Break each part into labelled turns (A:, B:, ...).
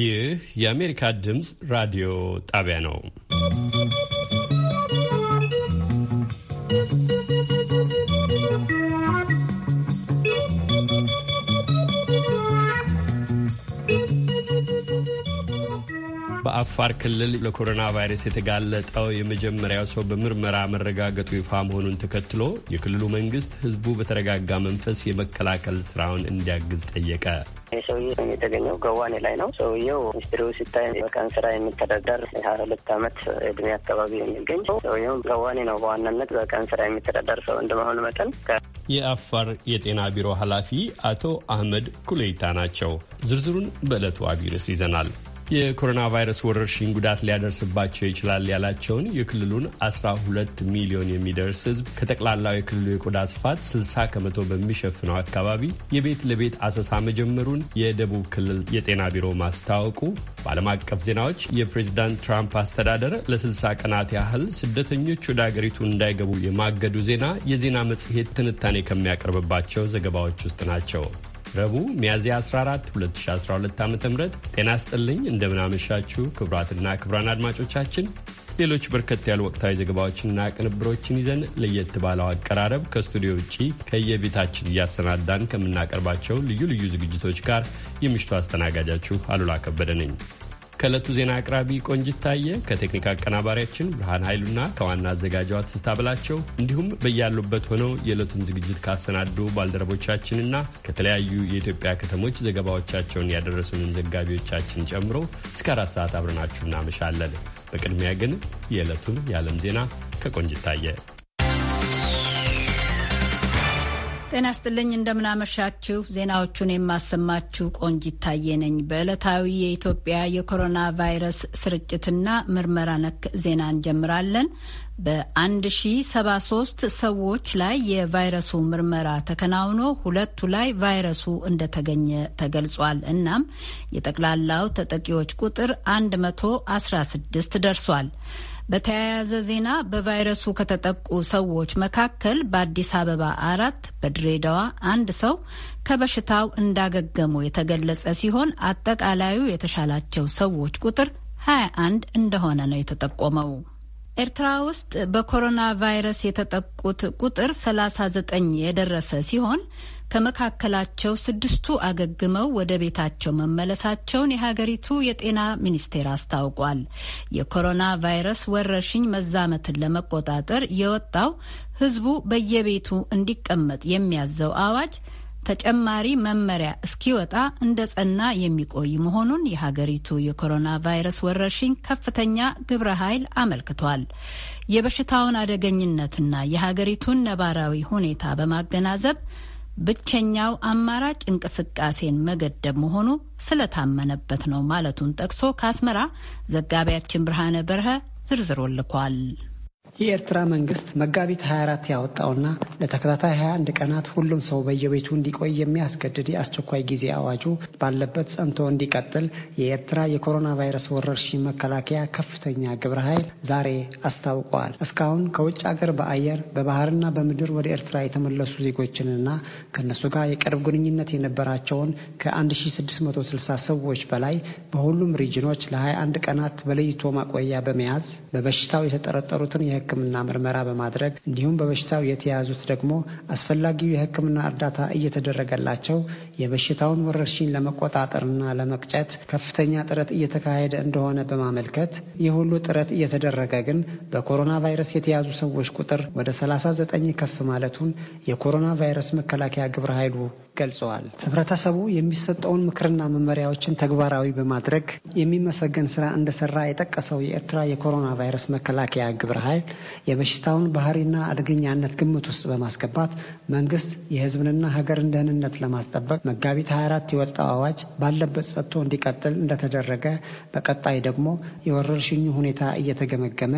A: ይህ የአሜሪካ ድምፅ ራዲዮ ጣቢያ ነው። በአፋር ክልል ለኮሮና ቫይረስ የተጋለጠው የመጀመሪያው ሰው በምርመራ መረጋገጡ ይፋ መሆኑን ተከትሎ የክልሉ መንግስት ህዝቡ በተረጋጋ መንፈስ የመከላከል ስራውን እንዲያግዝ ጠየቀ።
B: ሰውዬ የተገኘው ገዋኔ ላይ ነው። ሰውዬው ሚኒስትሪው ሲታይ በቀን ስራ የሚተዳደር የሀያ ሁለት አመት እድሜ አካባቢ የሚገኝ ሰውዬው ገዋኔ ነው በዋናነት በቀን ስራ የሚተዳደር ሰው እንደመሆኑ መጠን
A: የአፋር የጤና ቢሮ ኃላፊ አቶ አህመድ ኩሌይታ ናቸው። ዝርዝሩን በዕለቱ አቢርስ ይዘናል። የኮሮና ቫይረስ ወረርሽኝ ጉዳት ሊያደርስባቸው ይችላል ያላቸውን የክልሉን 12 ሚሊዮን የሚደርስ ሕዝብ ከጠቅላላው የክልሉ የቆዳ ስፋት 60 ከመቶ በሚሸፍነው አካባቢ የቤት ለቤት አሰሳ መጀመሩን የደቡብ ክልል የጤና ቢሮ ማስታወቁ፣ በዓለም አቀፍ ዜናዎች የፕሬዚዳንት ትራምፕ አስተዳደር ለ60 ቀናት ያህል ስደተኞች ወደ አገሪቱ እንዳይገቡ የማገዱ ዜና የዜና መጽሔት ትንታኔ ከሚያቀርብባቸው ዘገባዎች ውስጥ ናቸው። ረቡዕ ሚያዝያ 14 2012 ዓ ም ጤና ስጥልኝ። እንደምናመሻችሁ ክቡራትና ክቡራን አድማጮቻችን ሌሎች በርከት ያሉ ወቅታዊ ዘገባዎችንና ቅንብሮችን ይዘን ለየት ባለው አቀራረብ ከስቱዲዮ ውጪ ከየቤታችን እያሰናዳን ከምናቀርባቸው ልዩ ልዩ ዝግጅቶች ጋር የምሽቱ አስተናጋጃችሁ አሉላ ከበደ ነኝ። ከእለቱ ዜና አቅራቢ ቆንጅት ታየ፣ ከቴክኒክ አቀናባሪያችን ብርሃን ኃይሉና ከዋና አዘጋጇ ትስታ ብላቸው እንዲሁም በያሉበት ሆነው የዕለቱን ዝግጅት ካሰናዱ ባልደረቦቻችንና ከተለያዩ የኢትዮጵያ ከተሞች ዘገባዎቻቸውን ያደረሱንን ዘጋቢዎቻችን ጨምሮ እስከ አራት ሰዓት አብረናችሁ እናመሻለን። በቅድሚያ ግን የዕለቱን የዓለም ዜና ከቆንጅት ታየ
C: ጤና ስጥልኝ እንደምናመሻችሁ። ዜናዎቹን የማሰማችሁ ቆንጅ ይታየ ነኝ። በዕለታዊ የኢትዮጵያ የኮሮና ቫይረስ ስርጭትና ምርመራ ነክ ዜና እንጀምራለን። በ1073 ሰዎች ላይ የቫይረሱ ምርመራ ተከናውኖ ሁለቱ ላይ ቫይረሱ እንደተገኘ ተገልጿል። እናም የጠቅላላው ተጠቂዎች ቁጥር 116 ደርሷል። በተያያዘ ዜና በቫይረሱ ከተጠቁ ሰዎች መካከል በአዲስ አበባ አራት፣ በድሬዳዋ አንድ ሰው ከበሽታው እንዳገገሙ የተገለጸ ሲሆን አጠቃላዩ የተሻላቸው ሰዎች ቁጥር 21 እንደሆነ ነው የተጠቆመው። ኤርትራ ውስጥ በኮሮና ቫይረስ የተጠቁት ቁጥር 39 የደረሰ ሲሆን ከመካከላቸው ስድስቱ አገግመው ወደ ቤታቸው መመለሳቸውን የሀገሪቱ የጤና ሚኒስቴር አስታውቋል። የኮሮና ቫይረስ ወረርሽኝ መዛመትን ለመቆጣጠር የወጣው ሕዝቡ በየቤቱ እንዲቀመጥ የሚያዘው አዋጅ ተጨማሪ መመሪያ እስኪወጣ እንደ ጸና የሚቆይ መሆኑን የሀገሪቱ የኮሮና ቫይረስ ወረርሽኝ ከፍተኛ ግብረ ኃይል አመልክቷል። የበሽታውን አደገኝነትና የሀገሪቱን ነባራዊ ሁኔታ በማገናዘብ ብቸኛው አማራጭ እንቅስቃሴን መገደብ መሆኑ ስለታመነበት ነው ማለቱን ጠቅሶ ከአስመራ ዘጋቢያችን ብርሃነ በርሀ ዝርዝሮ ልኳል። የኤርትራ
D: መንግስት መጋቢት 24 ያወጣውና ለተከታታይ 21 ቀናት ሁሉም ሰው በየቤቱ እንዲቆይ የሚያስገድድ የአስቸኳይ ጊዜ አዋጁ ባለበት ጸንቶ እንዲቀጥል የኤርትራ የኮሮና ቫይረስ ወረርሽኝ መከላከያ ከፍተኛ ግብረ ኃይል ዛሬ አስታውቀዋል። እስካሁን ከውጭ አገር በአየር በባህርና በምድር ወደ ኤርትራ የተመለሱ ዜጎችንና ከእነሱ ጋር የቅርብ ግንኙነት የነበራቸውን ከ1660 ሰዎች በላይ በሁሉም ሪጅኖች ለ21 ቀናት በለይቶ ማቆያ በመያዝ በበሽታው የተጠረጠሩትን የህክ የሕክምና ምርመራ በማድረግ እንዲሁም በበሽታው የተያዙት ደግሞ አስፈላጊው የሕክምና እርዳታ እየተደረገላቸው የበሽታውን ወረርሽኝ ለመቆጣጠርና ለመቅጨት ከፍተኛ ጥረት እየተካሄደ እንደሆነ በማመልከት ይህ ሁሉ ጥረት እየተደረገ ግን በኮሮና ቫይረስ የተያዙ ሰዎች ቁጥር ወደ 39 ከፍ ማለቱን የኮሮና ቫይረስ መከላከያ ግብረ ኃይሉ ገልጸዋል። ህብረተሰቡ የሚሰጠውን ምክርና መመሪያዎችን ተግባራዊ በማድረግ የሚመሰገን ስራ እንደሰራ የጠቀሰው የኤርትራ የኮሮና ቫይረስ መከላከያ ግብረ ኃይል የበሽታውን ባህሪና አደገኛነት ግምት ውስጥ በማስገባት መንግስት የህዝብንና ሀገርን ደህንነት ለማስጠበቅ መጋቢት 24 የወጣው አዋጅ ባለበት ጸጥቶ እንዲቀጥል እንደተደረገ በቀጣይ ደግሞ የወረርሽኙ ሁኔታ እየተገመገመ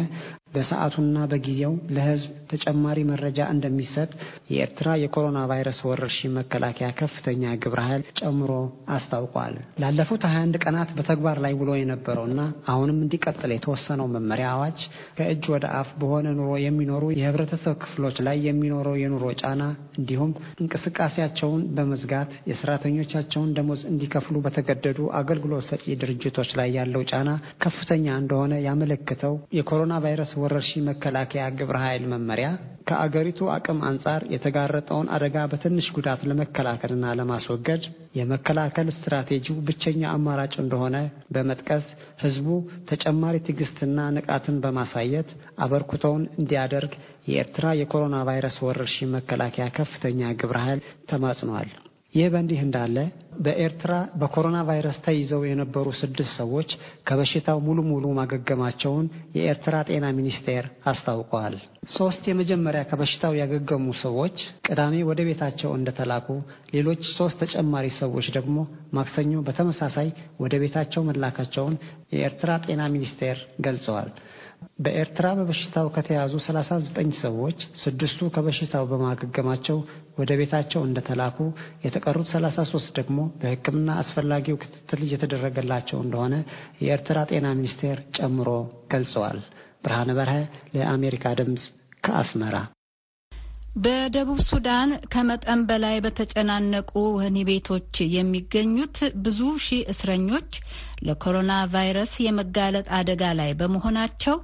D: በሰዓቱና በጊዜው ለህዝብ ተጨማሪ መረጃ እንደሚሰጥ የኤርትራ የኮሮና ቫይረስ ወረርሽኝ መከላከያ ከፍተኛ ግብረ ኃይል ጨምሮ አስታውቋል። ላለፉት 21 ቀናት በተግባር ላይ ውሎ የነበረውና አሁንም እንዲቀጥል የተወሰነው መመሪያ አዋጅ ከእጅ ወደ አፍ በሆነ ኑሮ የሚኖሩ የህብረተሰብ ክፍሎች ላይ የሚኖረው የኑሮ ጫና እንዲሁም እንቅስቃሴያቸውን በመዝጋት የሰራተኞቻቸውን ደሞዝ እንዲከፍሉ በተገደዱ አገልግሎት ሰጪ ድርጅቶች ላይ ያለው ጫና ከፍተኛ እንደሆነ ያመለክተው የኮሮና ቫይረስ ወረርሽኝ መከላከያ ግብረ ኃይል መመሪያ ከአገሪቱ አቅም አንጻር የተጋረጠውን አደጋ በትንሽ ጉዳት ለመከላከልና ለማስወገድ የመከላከል ስትራቴጂው ብቸኛ አማራጭ እንደሆነ በመጥቀስ ሕዝቡ ተጨማሪ ትዕግስትና ንቃትን በማሳየት አበርክቶውን እንዲያደርግ የኤርትራ የኮሮና ቫይረስ ወረርሽኝ መከላከያ ከፍተኛ ግብረ ኃይል ተማጽኗል። ይህ በእንዲህ እንዳለ በኤርትራ በኮሮና ቫይረስ ተይዘው የነበሩ ስድስት ሰዎች ከበሽታው ሙሉ ሙሉ ማገገማቸውን የኤርትራ ጤና ሚኒስቴር አስታውቀዋል። ሶስት የመጀመሪያ ከበሽታው ያገገሙ ሰዎች ቅዳሜ ወደ ቤታቸው እንደተላኩ፣ ሌሎች ሶስት ተጨማሪ ሰዎች ደግሞ ማክሰኞ በተመሳሳይ ወደ ቤታቸው መላካቸውን የኤርትራ ጤና ሚኒስቴር ገልጸዋል። በኤርትራ በበሽታው ከተያዙ 39 ሰዎች ስድስቱ ከበሽታው በማገገማቸው ወደ ቤታቸው እንደተላኩ የተቀሩት 33 ደግሞ በሕክምና አስፈላጊው ክትትል እየተደረገላቸው እንደሆነ የኤርትራ ጤና ሚኒስቴር ጨምሮ ገልጸዋል። ብርሃነ በርሀ ለአሜሪካ ድምፅ ከአስመራ።
C: በደቡብ ሱዳን ከመጠን በላይ በተጨናነቁ ወህኒ ቤቶች የሚገኙት ብዙ ሺህ እስረኞች ለኮሮና ቫይረስ የመጋለጥ አደጋ ላይ በመሆናቸው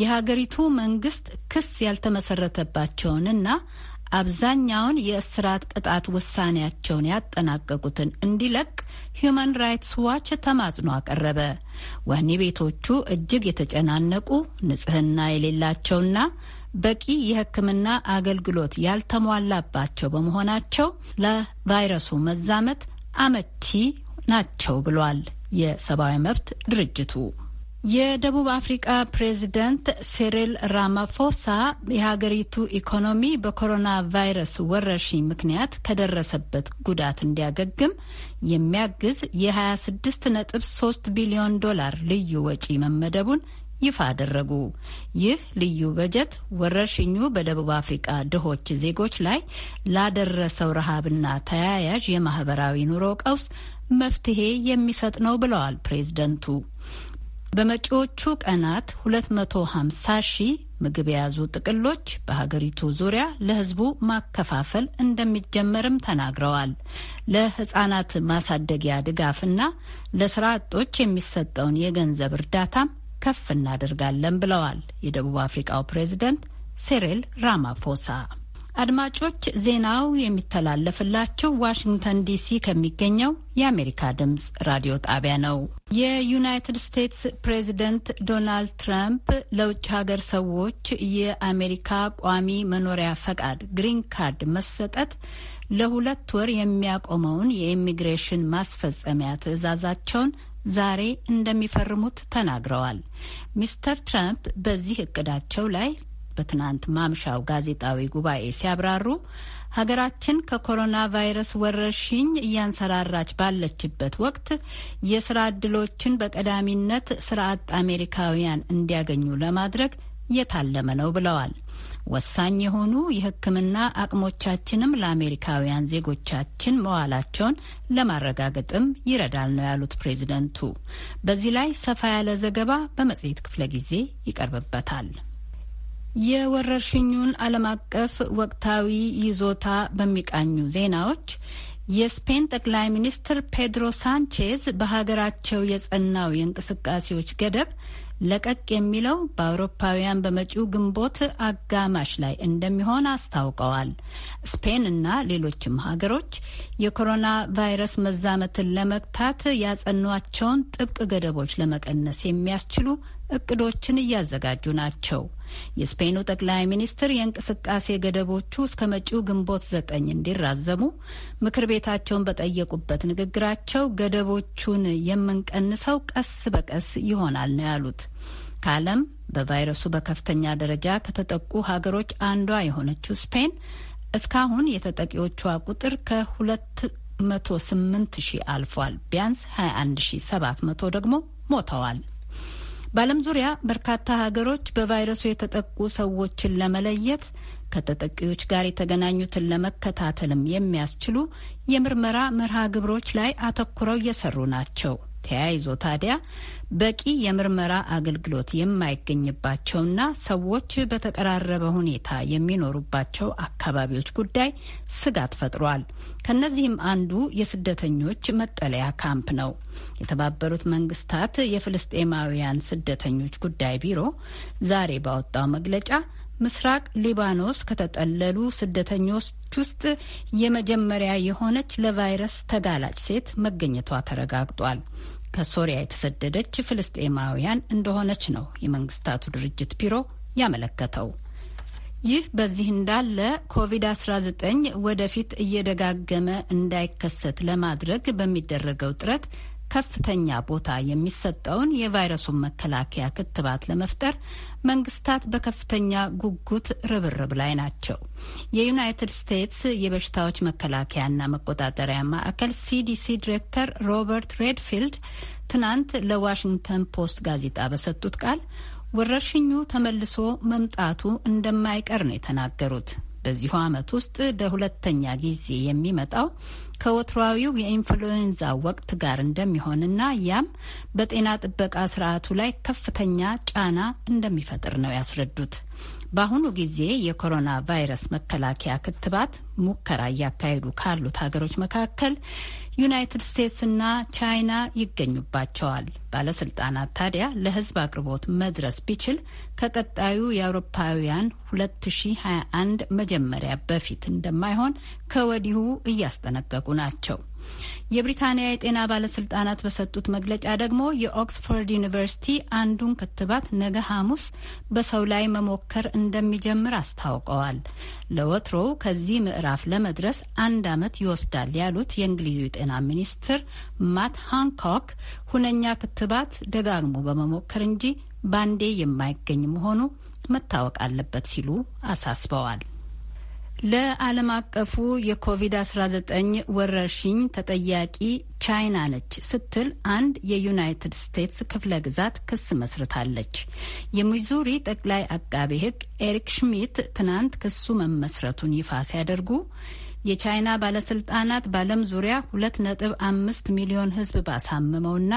C: የሀገሪቱ መንግስት ክስ ያልተመሰረተባቸውንና አብዛኛውን የእስራት ቅጣት ውሳኔያቸውን ያጠናቀቁትን እንዲለቅ ሂዩማን ራይትስ ዋች ተማጽኖ አቀረበ። ወህኒ ቤቶቹ እጅግ የተጨናነቁ፣ ንጽህና የሌላቸውና በቂ የሕክምና አገልግሎት ያልተሟላባቸው በመሆናቸው ለቫይረሱ መዛመት አመቺ ናቸው ብሏል የሰብአዊ መብት ድርጅቱ። የደቡብ አፍሪቃ ፕሬዚደንት ሴሪል ራማፎሳ የሀገሪቱ ኢኮኖሚ በኮሮና ቫይረስ ወረርሽኝ ምክንያት ከደረሰበት ጉዳት እንዲያገግም የሚያግዝ የ 26 3 ቢሊዮን ዶላር ልዩ ወጪ መመደቡን ይፋ አደረጉ። ይህ ልዩ በጀት ወረርሽኙ በደቡብ አፍሪቃ ድሆች ዜጎች ላይ ላደረሰው ረሃብና ተያያዥ የማህበራዊ ኑሮ ቀውስ መፍትሄ የሚሰጥ ነው ብለዋል ፕሬዝደንቱ። በመጪዎቹ ቀናት 250 ሺህ ምግብ የያዙ ጥቅሎች በሀገሪቱ ዙሪያ ለሕዝቡ ማከፋፈል እንደሚጀመርም ተናግረዋል። ለሕጻናት ማሳደጊያ ድጋፍና ለስራ አጦች የሚሰጠውን የገንዘብ እርዳታም ከፍ እናደርጋለን ብለዋል የደቡብ አፍሪካው ፕሬዝደንት ሴሪል ራማፎሳ። አድማጮች ዜናው የሚተላለፍላችሁ ዋሽንግተን ዲሲ ከሚገኘው የአሜሪካ ድምጽ ራዲዮ ጣቢያ ነው። የዩናይትድ ስቴትስ ፕሬዚደንት ዶናልድ ትራምፕ ለውጭ ሀገር ሰዎች የአሜሪካ ቋሚ መኖሪያ ፈቃድ ግሪን ካርድ መሰጠት ለሁለት ወር የሚያቆመውን የኢሚግሬሽን ማስፈጸሚያ ትዕዛዛቸውን ዛሬ እንደሚፈርሙት ተናግረዋል። ሚስተር ትራምፕ በዚህ እቅዳቸው ላይ በትናንት ማምሻው ጋዜጣዊ ጉባኤ ሲያብራሩ ሀገራችን ከኮሮና ቫይረስ ወረርሽኝ እያንሰራራች ባለችበት ወቅት የስራ እድሎችን በቀዳሚነት ስራ አጥ አሜሪካውያን እንዲያገኙ ለማድረግ የታለመ ነው ብለዋል። ወሳኝ የሆኑ የሕክምና አቅሞቻችንም ለአሜሪካውያን ዜጎቻችን መዋላቸውን ለማረጋገጥም ይረዳል ነው ያሉት ፕሬዝደንቱ። በዚህ ላይ ሰፋ ያለ ዘገባ በመጽሔት ክፍለ ጊዜ ይቀርብበታል። የወረርሽኙን ዓለም አቀፍ ወቅታዊ ይዞታ በሚቃኙ ዜናዎች የስፔን ጠቅላይ ሚኒስትር ፔድሮ ሳንቼዝ በሀገራቸው የጸናው የእንቅስቃሴዎች ገደብ ለቀቅ የሚለው በአውሮፓውያን በመጪው ግንቦት አጋማሽ ላይ እንደሚሆን አስታውቀዋል። ስፔን እና ሌሎችም ሀገሮች የኮሮና ቫይረስ መዛመትን ለመግታት ያጸኗቸውን ጥብቅ ገደቦች ለመቀነስ የሚያስችሉ እቅዶችን እያዘጋጁ ናቸው። የስፔኑ ጠቅላይ ሚኒስትር የእንቅስቃሴ ገደቦቹ እስከ መጪው ግንቦት ዘጠኝ እንዲራዘሙ ምክር ቤታቸውን በጠየቁበት ንግግራቸው ገደቦቹን የምንቀንሰው ቀስ በቀስ ይሆናል ነው ያሉት። ከዓለም በቫይረሱ በከፍተኛ ደረጃ ከተጠቁ ሀገሮች አንዷ የሆነችው ስፔን እስካሁን የተጠቂዎቿ ቁጥር ከሁለት መቶ ስምንት ሺህ አልፏል። ቢያንስ 21 ሺህ ሰባት መቶ ደግሞ ሞተዋል። በዓለም ዙሪያ በርካታ ሀገሮች በቫይረሱ የተጠቁ ሰዎችን ለመለየት ከተጠቂዎች ጋር የተገናኙትን ለመከታተልም የሚያስችሉ የምርመራ መርሃ ግብሮች ላይ አተኩረው እየሰሩ ናቸው። ተያይዞ ታዲያ በቂ የምርመራ አገልግሎት የማይገኝባቸውና ሰዎች በተቀራረበ ሁኔታ የሚኖሩባቸው አካባቢዎች ጉዳይ ስጋት ፈጥሯል። ከነዚህም አንዱ የስደተኞች መጠለያ ካምፕ ነው። የተባበሩት መንግስታት የፍልስጤማውያን ስደተኞች ጉዳይ ቢሮ ዛሬ ባወጣው መግለጫ ምስራቅ ሊባኖስ ከተጠለሉ ስደተኞች ውስጥ የመጀመሪያ የሆነች ለቫይረስ ተጋላጭ ሴት መገኘቷ ተረጋግጧል። ከሶሪያ የተሰደደች ፍልስጤማውያን እንደሆነች ነው የመንግስታቱ ድርጅት ቢሮ ያመለከተው። ይህ በዚህ እንዳለ ኮቪድ-19 ወደፊት እየደጋገመ እንዳይከሰት ለማድረግ በሚደረገው ጥረት ከፍተኛ ቦታ የሚሰጠውን የቫይረሱን መከላከያ ክትባት ለመፍጠር መንግስታት በከፍተኛ ጉጉት ርብርብ ላይ ናቸው። የዩናይትድ ስቴትስ የበሽታዎች መከላከያና መቆጣጠሪያ ማዕከል ሲዲሲ ዲሬክተር ሮበርት ሬድፊልድ ትናንት ለዋሽንግተን ፖስት ጋዜጣ በሰጡት ቃል ወረርሽኙ ተመልሶ መምጣቱ እንደማይቀር ነው የተናገሩት። በዚሁ ዓመት ውስጥ ለሁለተኛ ጊዜ የሚመጣው ከወትሯዊው የኢንፍሉዌንዛ ወቅት ጋር እንደሚሆንና ያም በጤና ጥበቃ ስርዓቱ ላይ ከፍተኛ ጫና እንደሚፈጥር ነው ያስረዱት። በአሁኑ ጊዜ የኮሮና ቫይረስ መከላከያ ክትባት ሙከራ እያካሄዱ ካሉት ሀገሮች መካከል ዩናይትድ ስቴትስና ቻይና ይገኙባቸዋል። ባለስልጣናት ታዲያ ለሕዝብ አቅርቦት መድረስ ቢችል ከቀጣዩ የአውሮፓውያን 2021 መጀመሪያ በፊት እንደማይሆን ከወዲሁ እያስጠነቀቁ ናቸው። የብሪታንያ የጤና ባለስልጣናት በሰጡት መግለጫ ደግሞ የኦክስፎርድ ዩኒቨርሲቲ አንዱን ክትባት ነገ ሐሙስ በሰው ላይ መሞከር እንደሚጀምር አስታውቀዋል። ለወትሮው ከዚህ ምዕራፍ ለመድረስ አንድ ዓመት ይወስዳል ያሉት የእንግሊዙ የጤና ሚኒስትር ማት ሃንኮክ ሁነኛ ክትባት ደጋግሞ በመሞከር እንጂ ባንዴ የማይገኝ መሆኑ መታወቅ አለበት ሲሉ አሳስበዋል። ለዓለም አቀፉ የኮቪድ-19 ወረርሽኝ ተጠያቂ ቻይና ነች ስትል አንድ የዩናይትድ ስቴትስ ክፍለ ግዛት ክስ መስርታለች። የሚዙሪ ጠቅላይ አቃቤ ሕግ ኤሪክ ሽሚት ትናንት ክሱ መመስረቱን ይፋ ሲያደርጉ የቻይና ባለስልጣናት በዓለም ዙሪያ አምስት ሚሊዮን ሕዝብ ባሳመመውና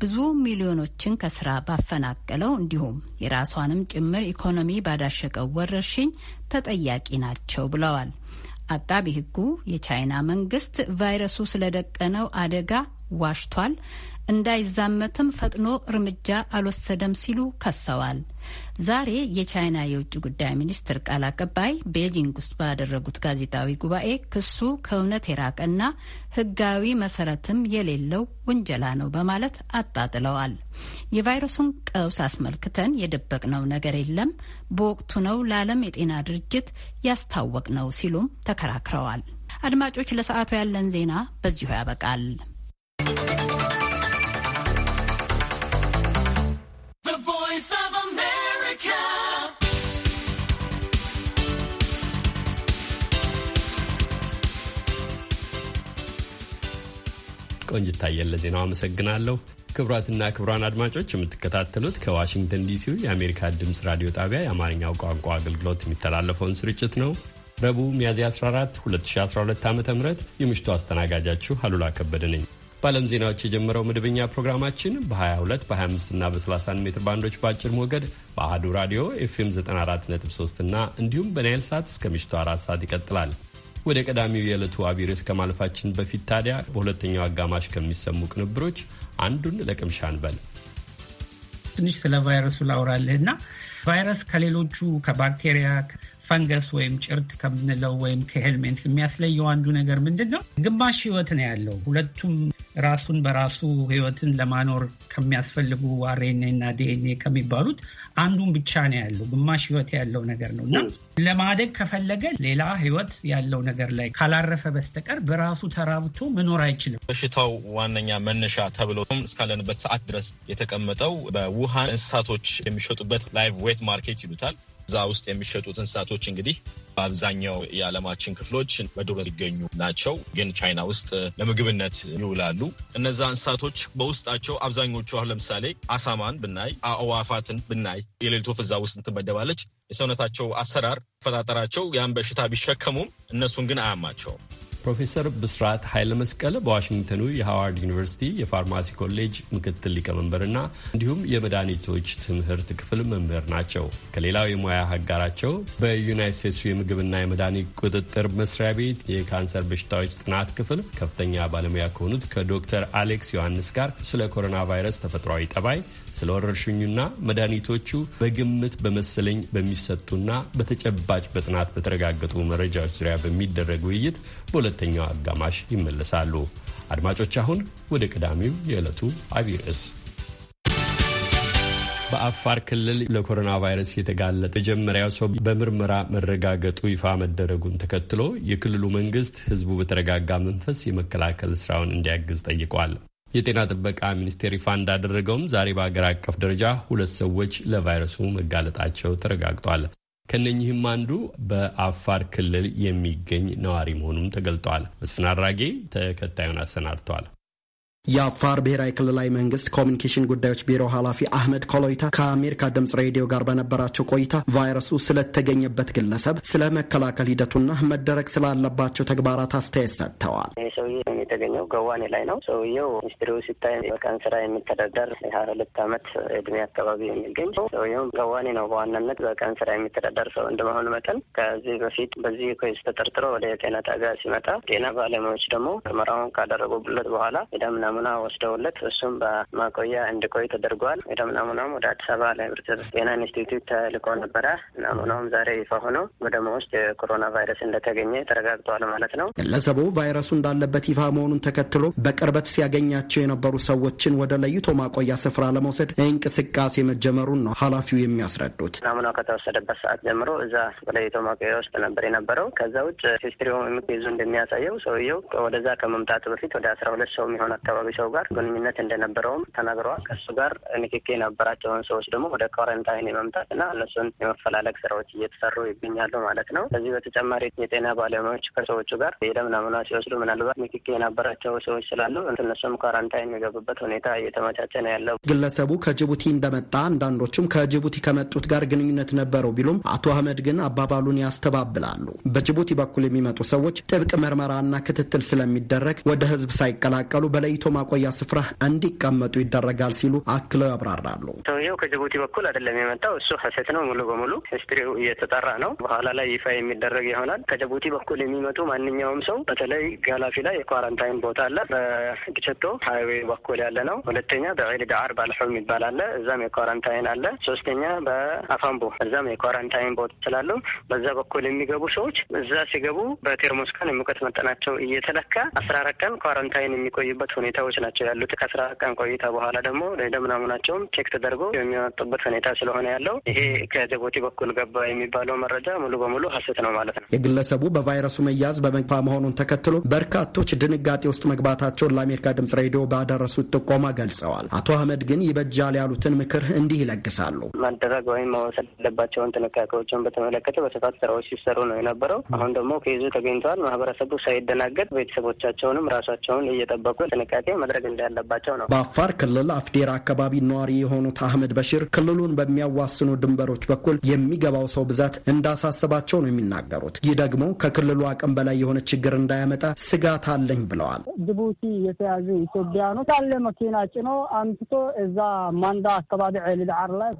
C: ብዙ ሚሊዮኖችን ከስራ ባፈናቀለው እንዲሁም የራሷንም ጭምር ኢኮኖሚ ባዳሸቀው ወረርሽኝ ተጠያቂ ናቸው ብለዋል። አቃቢ ሕጉ የቻይና መንግስት ቫይረሱ ስለደቀነው አደጋ ዋሽቷል፣ እንዳይዛመትም ፈጥኖ እርምጃ አልወሰደም ሲሉ ከሰዋል። ዛሬ የቻይና የውጭ ጉዳይ ሚኒስትር ቃል አቀባይ ቤጂንግ ውስጥ ባደረጉት ጋዜጣዊ ጉባኤ ክሱ ከእውነት የራቀና ሕጋዊ መሰረትም የሌለው ውንጀላ ነው በማለት አጣጥለዋል። የቫይረሱን ቀውስ አስመልክተን የደበቅነው ነገር የለም፣ በወቅቱ ነው ለዓለም የጤና ድርጅት ያስታወቅ ነው ሲሉም ተከራክረዋል። አድማጮች፣ ለሰዓቱ ያለን ዜና በዚሁ ያበቃል።
A: ቆንጅት ታየለ ለዜናው አመሰግናለሁ። ክቡራትና ክቡራን አድማጮች የምትከታተሉት ከዋሽንግተን ዲሲው የአሜሪካ ድምፅ ራዲዮ ጣቢያ የአማርኛው ቋንቋ አገልግሎት የሚተላለፈውን ስርጭት ነው። ረቡዕ ሚያዝያ 14 2012 ዓ ም የምሽቱ አስተናጋጃችሁ አሉላ ከበደ ነኝ። በዓለም ዜናዎች የጀመረው መደበኛ ፕሮግራማችን በ22 በ25ና በ31 ሜትር ባንዶች በአጭር ሞገድ በአህዱ ራዲዮ ኤፍኤም 94.3 እና እንዲሁም በናይል ሳት እስከ ምሽቱ አራት ሰዓት ይቀጥላል። ወደ ቀዳሚው የዕለቱ አቢርስ ከማለፋችን በፊት ታዲያ በሁለተኛው አጋማሽ ከሚሰሙ ቅንብሮች አንዱን ለቅምሻን በል
E: ትንሽ ስለ ቫይረሱ ላውራልህ እና ቫይረስ ከሌሎቹ ከባክቴሪያ ፈንገስ ወይም ጭርት ከምንለው ወይም ከሄልሜንት የሚያስለየው አንዱ ነገር ምንድን ነው? ግማሽ ህይወት ነው ያለው። ሁለቱም ራሱን በራሱ ህይወትን ለማኖር ከሚያስፈልጉ አሬኔ እና ዲኤንኤ ከሚባሉት አንዱን ብቻ ነው ያለው። ግማሽ ህይወት ያለው ነገር ነው እና ለማደግ ከፈለገ ሌላ ህይወት ያለው ነገር ላይ ካላረፈ በስተቀር በራሱ ተራብቶ
F: መኖር አይችልም። በሽታው ዋነኛ መነሻ ተብሎ እስካለንበት ሰዓት ድረስ የተቀመጠው በውሃን እንስሳቶች የሚሸጡበት ላይቭ ዌት ማርኬት ይሉታል። እዛ ውስጥ የሚሸጡት እንስሳቶች እንግዲህ በአብዛኛው የዓለማችን ክፍሎች በዱር የሚገኙ ናቸው፣ ግን ቻይና ውስጥ ለምግብነት ይውላሉ። እነዛ እንስሳቶች በውስጣቸው አብዛኞቹ አሁን ለምሳሌ አሳማን ብናይ፣ አእዋፋትን ብናይ የሌሊት ወፍ እዛ ውስጥ እንትመደባለች። የሰውነታቸው አሰራር ፈጣጠራቸው ያን በሽታ ቢሸከሙም እነሱን ግን አያማቸውም።
A: ፕሮፌሰር ብስራት ኃይለ መስቀል በዋሽንግተኑ የሃዋርድ ዩኒቨርሲቲ የፋርማሲ ኮሌጅ ምክትል ሊቀመንበርና እንዲሁም የመድኃኒቶች ትምህርት ክፍል መምህር ናቸው። ከሌላው የሙያ ሀጋራቸው በዩናይት ስቴትሱ የምግብና የመድኃኒት ቁጥጥር መስሪያ ቤት የካንሰር በሽታዎች ጥናት ክፍል ከፍተኛ ባለሙያ ከሆኑት ከዶክተር አሌክስ ዮሐንስ ጋር ስለ ኮሮና ቫይረስ ተፈጥሯዊ ጠባይ ስለ ወረርሽኙና መድኃኒቶቹ በግምት በመሰለኝ በሚሰጡና በተጨባጭ በጥናት በተረጋገጡ መረጃዎች ዙሪያ በሚደረግ ውይይት በሁለተኛው አጋማሽ ይመለሳሉ። አድማጮች፣ አሁን ወደ ቀዳሚው የዕለቱ አብይ ርዕስ በአፋር ክልል ለኮሮና ቫይረስ የተጋለጠ መጀመሪያው ሰው በምርመራ መረጋገጡ ይፋ መደረጉን ተከትሎ የክልሉ መንግስት ሕዝቡ በተረጋጋ መንፈስ የመከላከል ስራውን እንዲያግዝ ጠይቋል። የጤና ጥበቃ ሚኒስቴር ይፋ እንዳደረገውም ዛሬ በአገር አቀፍ ደረጃ ሁለት ሰዎች ለቫይረሱ መጋለጣቸው ተረጋግጧል። ከነኚህም አንዱ በአፋር ክልል የሚገኝ ነዋሪ መሆኑም ተገልጧል። መስፍን አራጌ ተከታዩን አሰናድቷል።
G: የአፋር ብሔራዊ ክልላዊ መንግስት ኮሚኒኬሽን ጉዳዮች ቢሮ ኃላፊ አህመድ ኮሎይታ ከአሜሪካ ድምጽ ሬዲዮ ጋር በነበራቸው ቆይታ ቫይረሱ ስለተገኘበት ግለሰብ፣ ስለ መከላከል ሂደቱና መደረግ ስላለባቸው ተግባራት አስተያየት ሰጥተዋል።
B: ይህ ሰውዬ የተገኘው ገዋኔ ላይ ነው። ሰውየው ሚስትሪው ሲታይ በቀን ስራ የሚተዳደር የሀያ ሁለት አመት እድሜ አካባቢ የሚገኝ ሰውየውም ገዋኔ ነው በዋናነት በቀን ስራ የሚተዳደር ሰው እንደመሆኑ መጠን ከዚህ በፊት በዚህ ኬዝ ተጠርጥሮ ወደ ጤና ጣቢያ ሲመጣ ጤና ባለሙያዎች ደግሞ ምርመራውን ካደረጉለት በኋላ የደም ናሙና ወስደውለት እሱም በማቆያ እንዲቆይ ተደርጓል። የደም ናሙናም ወደ አዲስ አበባ ለህብረተሰብ ጤና ኢንስቲትዩት ተልኮ ነበረ። ናሙናውም ዛሬ ይፋ ሆኖ በደሙ ውስጥ የኮሮና ቫይረስ እንደተገኘ ተረጋግጧል ማለት ነው።
G: ግለሰቡ ቫይረሱ እንዳለበት ይፋ መሆኑን ተከትሎ በቅርበት ሲያገኛቸው የነበሩ ሰዎችን ወደ ለይቶ ማቆያ ስፍራ ለመውሰድ እንቅስቃሴ መጀመሩን ነው ኃላፊው የሚያስረዱት።
B: ናሙናው ከተወሰደበት ሰዓት ጀምሮ እዛ በለይቶ ማቆያ ውስጥ ነበር የነበረው። ከዛ ውጭ ሂስትሪው የሚይዙ እንደሚያሳየው ሰውየው ወደዛ ከመምጣቱ በፊት ወደ አስራ ሁለት ሰው የሚሆን አካባቢ ሰው ጋር ግንኙነት እንደነበረውም ተናግረዋል። ከሱ ጋር ንክኬ የነበራቸውን ሰዎች ደግሞ ወደ ኮረንታይን የመምጣት እና እነሱን የመፈላለግ ስራዎች እየተሰሩ ይገኛሉ ማለት ነው። ከዚህ በተጨማሪ የጤና ባለሙያዎች ከሰዎቹ ጋር የደም ናሙና ሲወስዱ ምናልባት ንክኬ የምናበራቸው ሰዎች ስላሉ እነሱም ኳራንታይን የሚገቡበት ሁኔታ እየተመቻቸ ነው ያለው።
G: ግለሰቡ ከጅቡቲ እንደመጣ አንዳንዶቹም ከጅቡቲ ከመጡት ጋር ግንኙነት ነበረው ቢሉም አቶ አህመድ ግን አባባሉን ያስተባብላሉ። በጅቡቲ በኩል የሚመጡ ሰዎች ጥብቅ ምርመራና ክትትል ስለሚደረግ ወደ ህዝብ ሳይቀላቀሉ በለይቶ ማቆያ ስፍራ እንዲቀመጡ ይደረጋል ሲሉ አክለው ያብራራሉ።
B: ሰውየው ከጅቡቲ በኩል አይደለም የመጣው እሱ ሀሰት ነው። ሙሉ በሙሉ ሂስትሪው እየተጠራ ነው። በኋላ ላይ ይፋ የሚደረግ ይሆናል። ከጅቡቲ በኩል የሚመጡ ማንኛውም ሰው በተለይ ጋላፊ ላይ የኳራንታ የምታይም ቦታ አለ። በግቸቶ ሀይዌ በኩል ያለ ነው። ሁለተኛ በዒድ ዳዓር ባልሑም አለ። እዛም የኳረንታይን አለ። ሶስተኛ በአፋምቦ እዛም የኳረንታይን ቦታ ስላሉ በዛ በኩል የሚገቡ ሰዎች እዛ ሲገቡ በቴርሞስ ቀን የሙቀት መጠናቸው እየተለካ አስራ አራት ቀን ኳረንታይን የሚቆዩበት ሁኔታዎች ናቸው ያሉት። ከአስራ አራት ቀን ቆይታ በኋላ ደግሞ ደም ናሙናቸውም ቼክ ተደርጎ የሚወጡበት ሁኔታ ስለሆነ ያለው ይሄ ከጅቡቲ በኩል ገባ የሚባለው መረጃ ሙሉ በሙሉ ሀሰት ነው ማለት
G: ነው። የግለሰቡ በቫይረሱ መያዝ በመግፋ መሆኑን ተከትሎ በርካቶች ድንግ ድንጋጤ ውስጥ መግባታቸውን ለአሜሪካ ድምጽ ሬዲዮ ባደረሱት ጥቆማ ገልጸዋል። አቶ አህመድ ግን ይበጃል ያሉትን ምክር እንዲህ ይለግሳሉ።
B: ማደረግ ወይም መወሰድ ያለባቸውን ጥንቃቄዎችን በተመለከተ በስፋት ስራዎች ሲሰሩ ነው የነበረው። አሁን ደግሞ ከይዙ ተገኝተዋል። ማህበረሰቡ ሳይደናገጥ ቤተሰቦቻቸውንም ራሳቸውን እየጠበቁ ጥንቃቄ መድረግ እንዳለባቸው ነው።
G: በአፋር ክልል አፍዴራ አካባቢ ነዋሪ የሆኑት አህመድ በሽር ክልሉን በሚያዋስኑ ድንበሮች በኩል የሚገባው ሰው ብዛት እንዳሳስባቸው ነው የሚናገሩት። ይህ ደግሞ ከክልሉ አቅም በላይ የሆነ ችግር እንዳያመጣ ስጋት አለኝ ብለዋል።
E: ጅቡቲ የተያዙ ኢትዮጵያኖች ካለ መኪና ጭኖ አምጥቶ እዛ ማንዳ አካባቢ ዒልዳዓር ላይ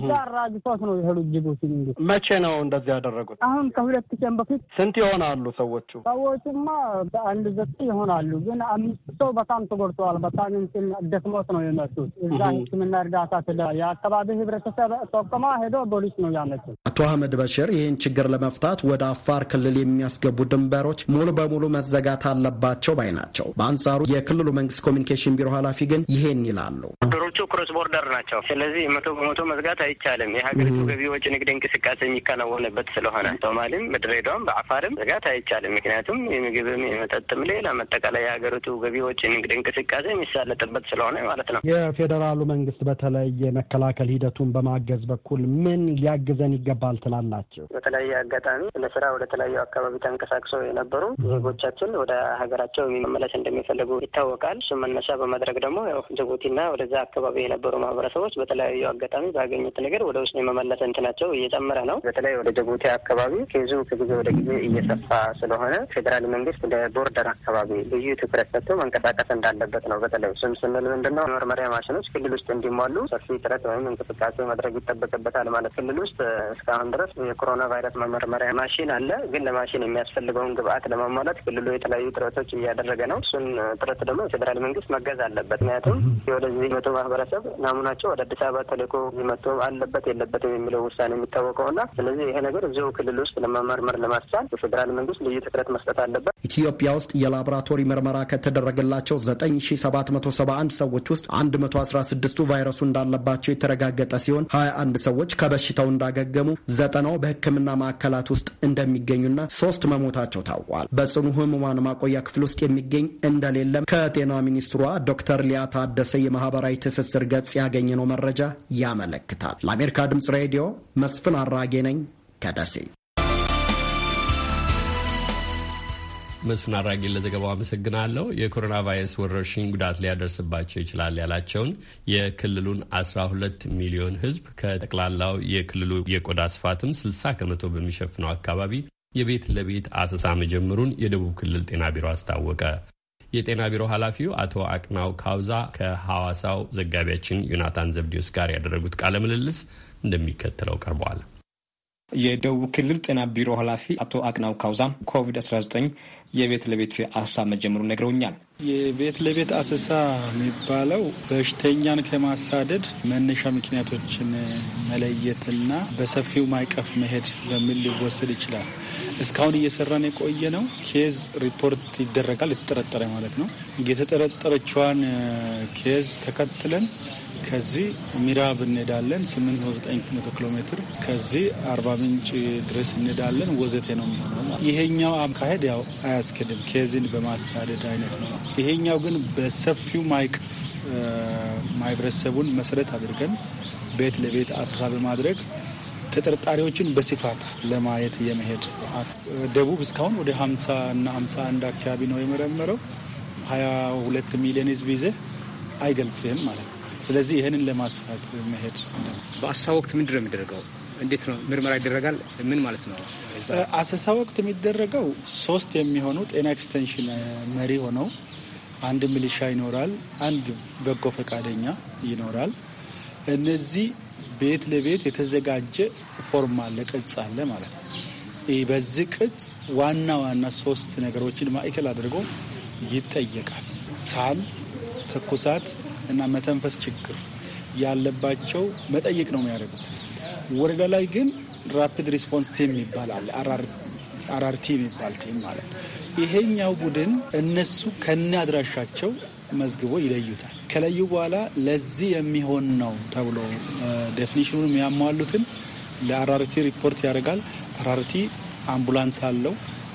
E: እዛ ነው የሄዱት ጅቡቲ። እንግዲህ
G: መቼ ነው እንደዚህ ያደረጉት?
E: አሁን ከሁለት
B: ቀን በፊት።
H: ስንት ይሆናሉ ሰዎቹ?
E: ሰዎቹማ በአንድ ዘጠኝ ይሆናሉ። ግን አምስት
B: ሰው በጣም ተጎድተዋል። በጣም እንትን ደክሞት ነው የመጡት። እዛ ህክምና እርዳታ ስለ የአካባቢ ህብረተሰብ ጠቆማ ሄዶ ፖሊስ ነው ያመጡት።
G: አቶ አህመድ በሽር ይህን ችግር ለመፍታት ወደ አፋር ክልል የሚያስገቡ ድንበሮች ሙሉ በሙሉ መዘጋት አለባቸው ባይ ናቸው። ናቸው። በአንጻሩ የክልሉ መንግስት ኮሚኒኬሽን ቢሮ ኃላፊ ግን ይሄን ይላሉ።
B: ነገሮቹ ክሮስ ቦርደር ናቸው። ስለዚህ መቶ በመቶ መዝጋት አይቻልም። የሀገሪቱ ገቢ ወጪ ንግድ እንቅስቃሴ የሚከናወንበት ስለሆነ ሶማሌም፣ በድሬዳዋም፣ በአፋርም መዝጋት አይቻልም። ምክንያቱም የምግብም የመጠጥም ሌላ መጠቃላይ የሀገሪቱ ገቢ ወጪ ንግድ እንቅስቃሴ የሚሳለጥበት ስለሆነ ማለት ነው።
G: የፌዴራሉ መንግስት በተለይ የመከላከል ሂደቱን በማገዝ በኩል ምን ሊያግዘን ይገባል ትላላቸው?
B: በተለያየ አጋጣሚ ለስራ ወደ ተለያዩ አካባቢ ተንቀሳቅሰው የነበሩ ዜጎቻችን ወደ ሀገራቸው የሚመለስ መመለስ እንደሚፈልጉ ይታወቃል። እሱ መነሻ በማድረግ ደግሞ ያው ጅቡቲና ወደዛ አካባቢ የነበሩ ማህበረሰቦች በተለያዩ አጋጣሚ ባገኙት ነገር ወደ ውስጥ የመመለስ እንትናቸው እየጨመረ ነው። በተለይ ወደ ጅቡቲ አካባቢ ኬዙ ከጊዜ ወደ ጊዜ እየሰፋ ስለሆነ ፌዴራል መንግስት ለቦርደር አካባቢ ልዩ ትኩረት ሰጥቶ መንቀሳቀስ እንዳለበት ነው። በተለይ ስም ስንል ምንድነው መርመሪያ ማሽኖች ክልል ውስጥ እንዲሟሉ ሰፊ ጥረት ወይም እንቅስቃሴ ማድረግ ይጠበቅበታል። ማለት ክልል ውስጥ እስካሁን ድረስ የኮሮና ቫይረስ መመርመሪያ ማሽን አለ። ግን ለማሽን የሚያስፈልገውን ግብአት ለማሟላት ክልሉ የተለያዩ ጥረቶች እያደረገ ነው። እሱን ጥረት ደግሞ የፌዴራል መንግስት መገዝ አለበት። ምክንያቱም ወደዚህ መቶ ማህበረሰብ ናሙናቸው ወደ አዲስ አበባ ተልኮ መቶ አለበት የለበትም የሚለው ውሳኔ የሚታወቀው እና ስለዚህ ይሄ ነገር እዚሁ ክልል ውስጥ ለመመርመር ለማስቻል የፌዴራል መንግስት ልዩ ትኩረት መስጠት አለበት።
G: ኢትዮጵያ ውስጥ የላቦራቶሪ ምርመራ ከተደረገላቸው ዘጠኝ ሺ ሰባት መቶ ሰባ አንድ ሰዎች ውስጥ አንድ መቶ አስራ ስድስቱ ቫይረሱ እንዳለባቸው የተረጋገጠ ሲሆን ሀያ አንድ ሰዎች ከበሽታው እንዳገገሙ፣ ዘጠናው በሕክምና ማዕከላት ውስጥ እንደሚገኙና ሶስት መሞታቸው ታውቋል። በጽኑ ህሙማን ማቆያ ክፍል ውስጥ የሚገኝ እንደሌለም ከጤና ሚኒስትሯ ዶክተር ሊያ ታደሰ የማህበራዊ ትስስር ገጽ ያገኘነው መረጃ ያመለክታል። ለአሜሪካ ድምፅ ሬዲዮ መስፍን አራጌ ነኝ ከደሴ።
A: መስፍን አራጌ ለዘገባው አመሰግናለሁ። የኮሮና ቫይረስ ወረርሽኝ ጉዳት ሊያደርስባቸው ይችላል ያላቸውን የክልሉን 12 ሚሊዮን ሕዝብ ከጠቅላላው የክልሉ የቆዳ ስፋትም 60 ከመቶ በሚሸፍነው አካባቢ የቤት ለቤት አሰሳ መጀመሩን የደቡብ ክልል ጤና ቢሮ አስታወቀ። የጤና ቢሮ ኃላፊው አቶ አቅናው ካውዛ ከሐዋሳው ዘጋቢያችን ዮናታን ዘብዲዮስ ጋር ያደረጉት ቃለ ምልልስ እንደሚከተለው ቀርበዋል። የደቡብ
I: ክልል ጤና ቢሮ ኃላፊ አቶ አቅናው ካውዛ ኮቪድ-19 የቤት ለቤት አሰሳ መጀመሩ ነግረውኛል። የቤት
J: ለቤት አሰሳ የሚባለው በሽተኛን ከማሳደድ መነሻ ምክንያቶችን መለየትና በሰፊው ማዕቀፍ መሄድ በሚል ሊወሰድ ይችላል። እስካሁን እየሰራን የቆየ ነው። ኬዝ ሪፖርት ይደረጋል። የተጠረጠረ ማለት ነው። የተጠረጠረችዋን ኬዝ ተከትለን ከዚህ ሚራብ እንሄዳለን 89 ኪሎ ሜትር ከዚህ አርባ ምንጭ ድረስ እንሄዳለን ወዘቴ ነው የሚሆነው። ይሄኛው አካሄድ ያው አያስክድም ኬዝን በማሳደድ አይነት ነው። ይሄኛው ግን በሰፊው ማይቀት ማህበረሰቡን መሰረት አድርገን ቤት ለቤት አሰሳ በማድረግ ተጠርጣሪዎችን በስፋት ለማየት የመሄድ ደቡብ እስካሁን ወደ 50 እና 51 አካባቢ ነው የመረመረው። 22 ሚሊዮን ህዝብ ይዘህ አይገልጽህም ማለት ነው። ስለዚህ ይህንን ለማስፋት መሄድ
I: በአሳ ወቅት ምንድን ነው የሚደረገው? እንዴት ነው ምርመራ ይደረጋል? ምን ማለት ነው?
J: አሰሳ ወቅት የሚደረገው ሶስት የሚሆኑ ጤና ኤክስቴንሽን መሪ ሆነው አንድ ሚሊሻ ይኖራል፣ አንድ በጎ ፈቃደኛ ይኖራል። እነዚህ ቤት ለቤት የተዘጋጀ ፎርም አለ፣ ቅጽ አለ ማለት ነው። በዚህ ቅጽ ዋና ዋና ሶስት ነገሮችን ማዕከል አድርጎ ይጠየቃል። ሳል፣ ትኩሳት፣ እና መተንፈስ ችግር ያለባቸው መጠየቅ ነው የሚያደርጉት። ወረዳ ላይ ግን ራፒድ ሪስፖንስ ቲም ይባላል፣ አራርቲ የሚባል ቲም ማለት ይሄኛው ቡድን እነሱ ከነ አድራሻቸው መዝግቦ ይለዩታል። ከለዩ በኋላ ለዚህ የሚሆን ነው ተብሎ ዴፊኒሽኑን የሚያሟሉትን ለአራርቲ ሪፖርት ያደርጋል። አራርቲ አምቡላንስ አለው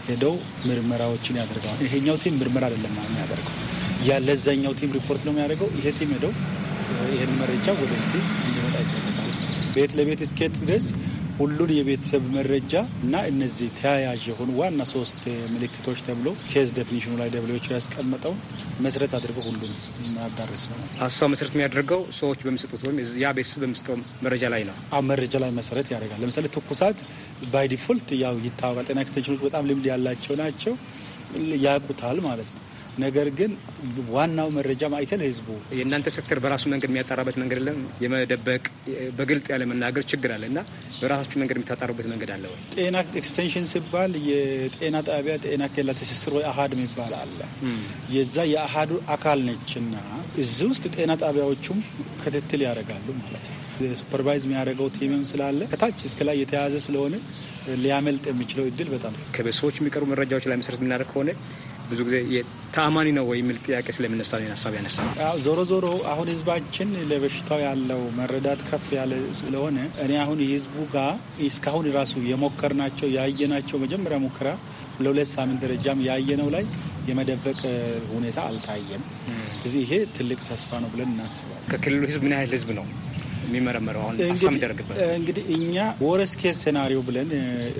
J: ሄደው ምርመራዎችን ያደርገዋል። ይሄኛው ቲም ምርመራ አይደለም የሚያደርገው ያለዛኛው ቲም ሪፖርት ነው የሚያደርገው። ይሄ ቲም ሄደው ይህን መረጃ ወደዚህ እንዲመጣ ይጠበቃል። ቤት ለቤት እስኬት ድረስ ሁሉን የቤተሰብ መረጃ እና እነዚህ ተያያዥ የሆኑ ዋና ሶስት ምልክቶች ተብሎ ኬዝ ዴፊኒሽኑ ላይ ደብሊዎቹ ያስቀመጠውን መሰረት አድርገው ሁሉን ማዳረስ ነው።
I: ሀሳብ መሰረት የሚያደርገው ሰዎች በሚሰጡት ወይም ያ ቤተሰብ በሚሰጠው
J: መረጃ ላይ ነው። አዎ መረጃ ላይ መሰረት ያደርጋል። ለምሳሌ ትኩሳት ባይ ዲፎልት ያው ይታወቃል። ጤና ኤክስቴንሽኖች በጣም ልምድ ያላቸው ናቸው፣ ያውቁታል ማለት ነው። ነገር ግን ዋናው መረጃ ማዕከል ህዝቡ
I: የእናንተ ሴክተር በራሱ መንገድ የሚያጣራበት መንገድ የለም። የመደበቅ በግልጥ ያለ መናገር ችግር አለ እና በራሳችሁ መንገድ የሚታጣሩበት መንገድ አለ ወይ?
J: ጤና ኤክስቴንሽን ሲባል የጤና ጣቢያ ጤና ኬላ ትስስር ወይ አሀድ የሚባል አለ። የዛ የአሀዱ አካል እና እዚህ ውስጥ ጤና ጣቢያዎቹም ክትትል ያደርጋሉ ማለት ነው። ሱፐርቫይዝ የሚያደርገው ቲምም ስላለ ከታች እስከ ላይ የተያዘ ስለሆነ ሊያመልጥ የሚችለው እድል በጣም
I: ከሰዎች የሚቀርቡ መረጃዎች ላይ መሰረት የምናደርግ ከሆነ ብዙ ጊዜ ተአማኒ ነው ወይ የሚል ጥያቄ ስለሚነሳ ነው ሀሳብ ያነሳ።
J: ዞሮ ዞሮ አሁን ህዝባችን ለበሽታው ያለው መረዳት ከፍ ያለ ስለሆነ እኔ አሁን የህዝቡ ጋር እስካሁን ራሱ የሞከርናቸው ያየናቸው መጀመሪያ ሙከራ ለሁለት ሳምንት ደረጃም ያየነው ላይ የመደበቅ ሁኔታ አልታየም። እዚህ ይሄ ትልቅ ተስፋ ነው ብለን እናስባለን። ከክልሉ ህዝብ ምን ያህል ህዝብ ነው የሚመረመረው? አሁን እንግዲህ እኛ ወረስኬ ሴናሪዮ ብለን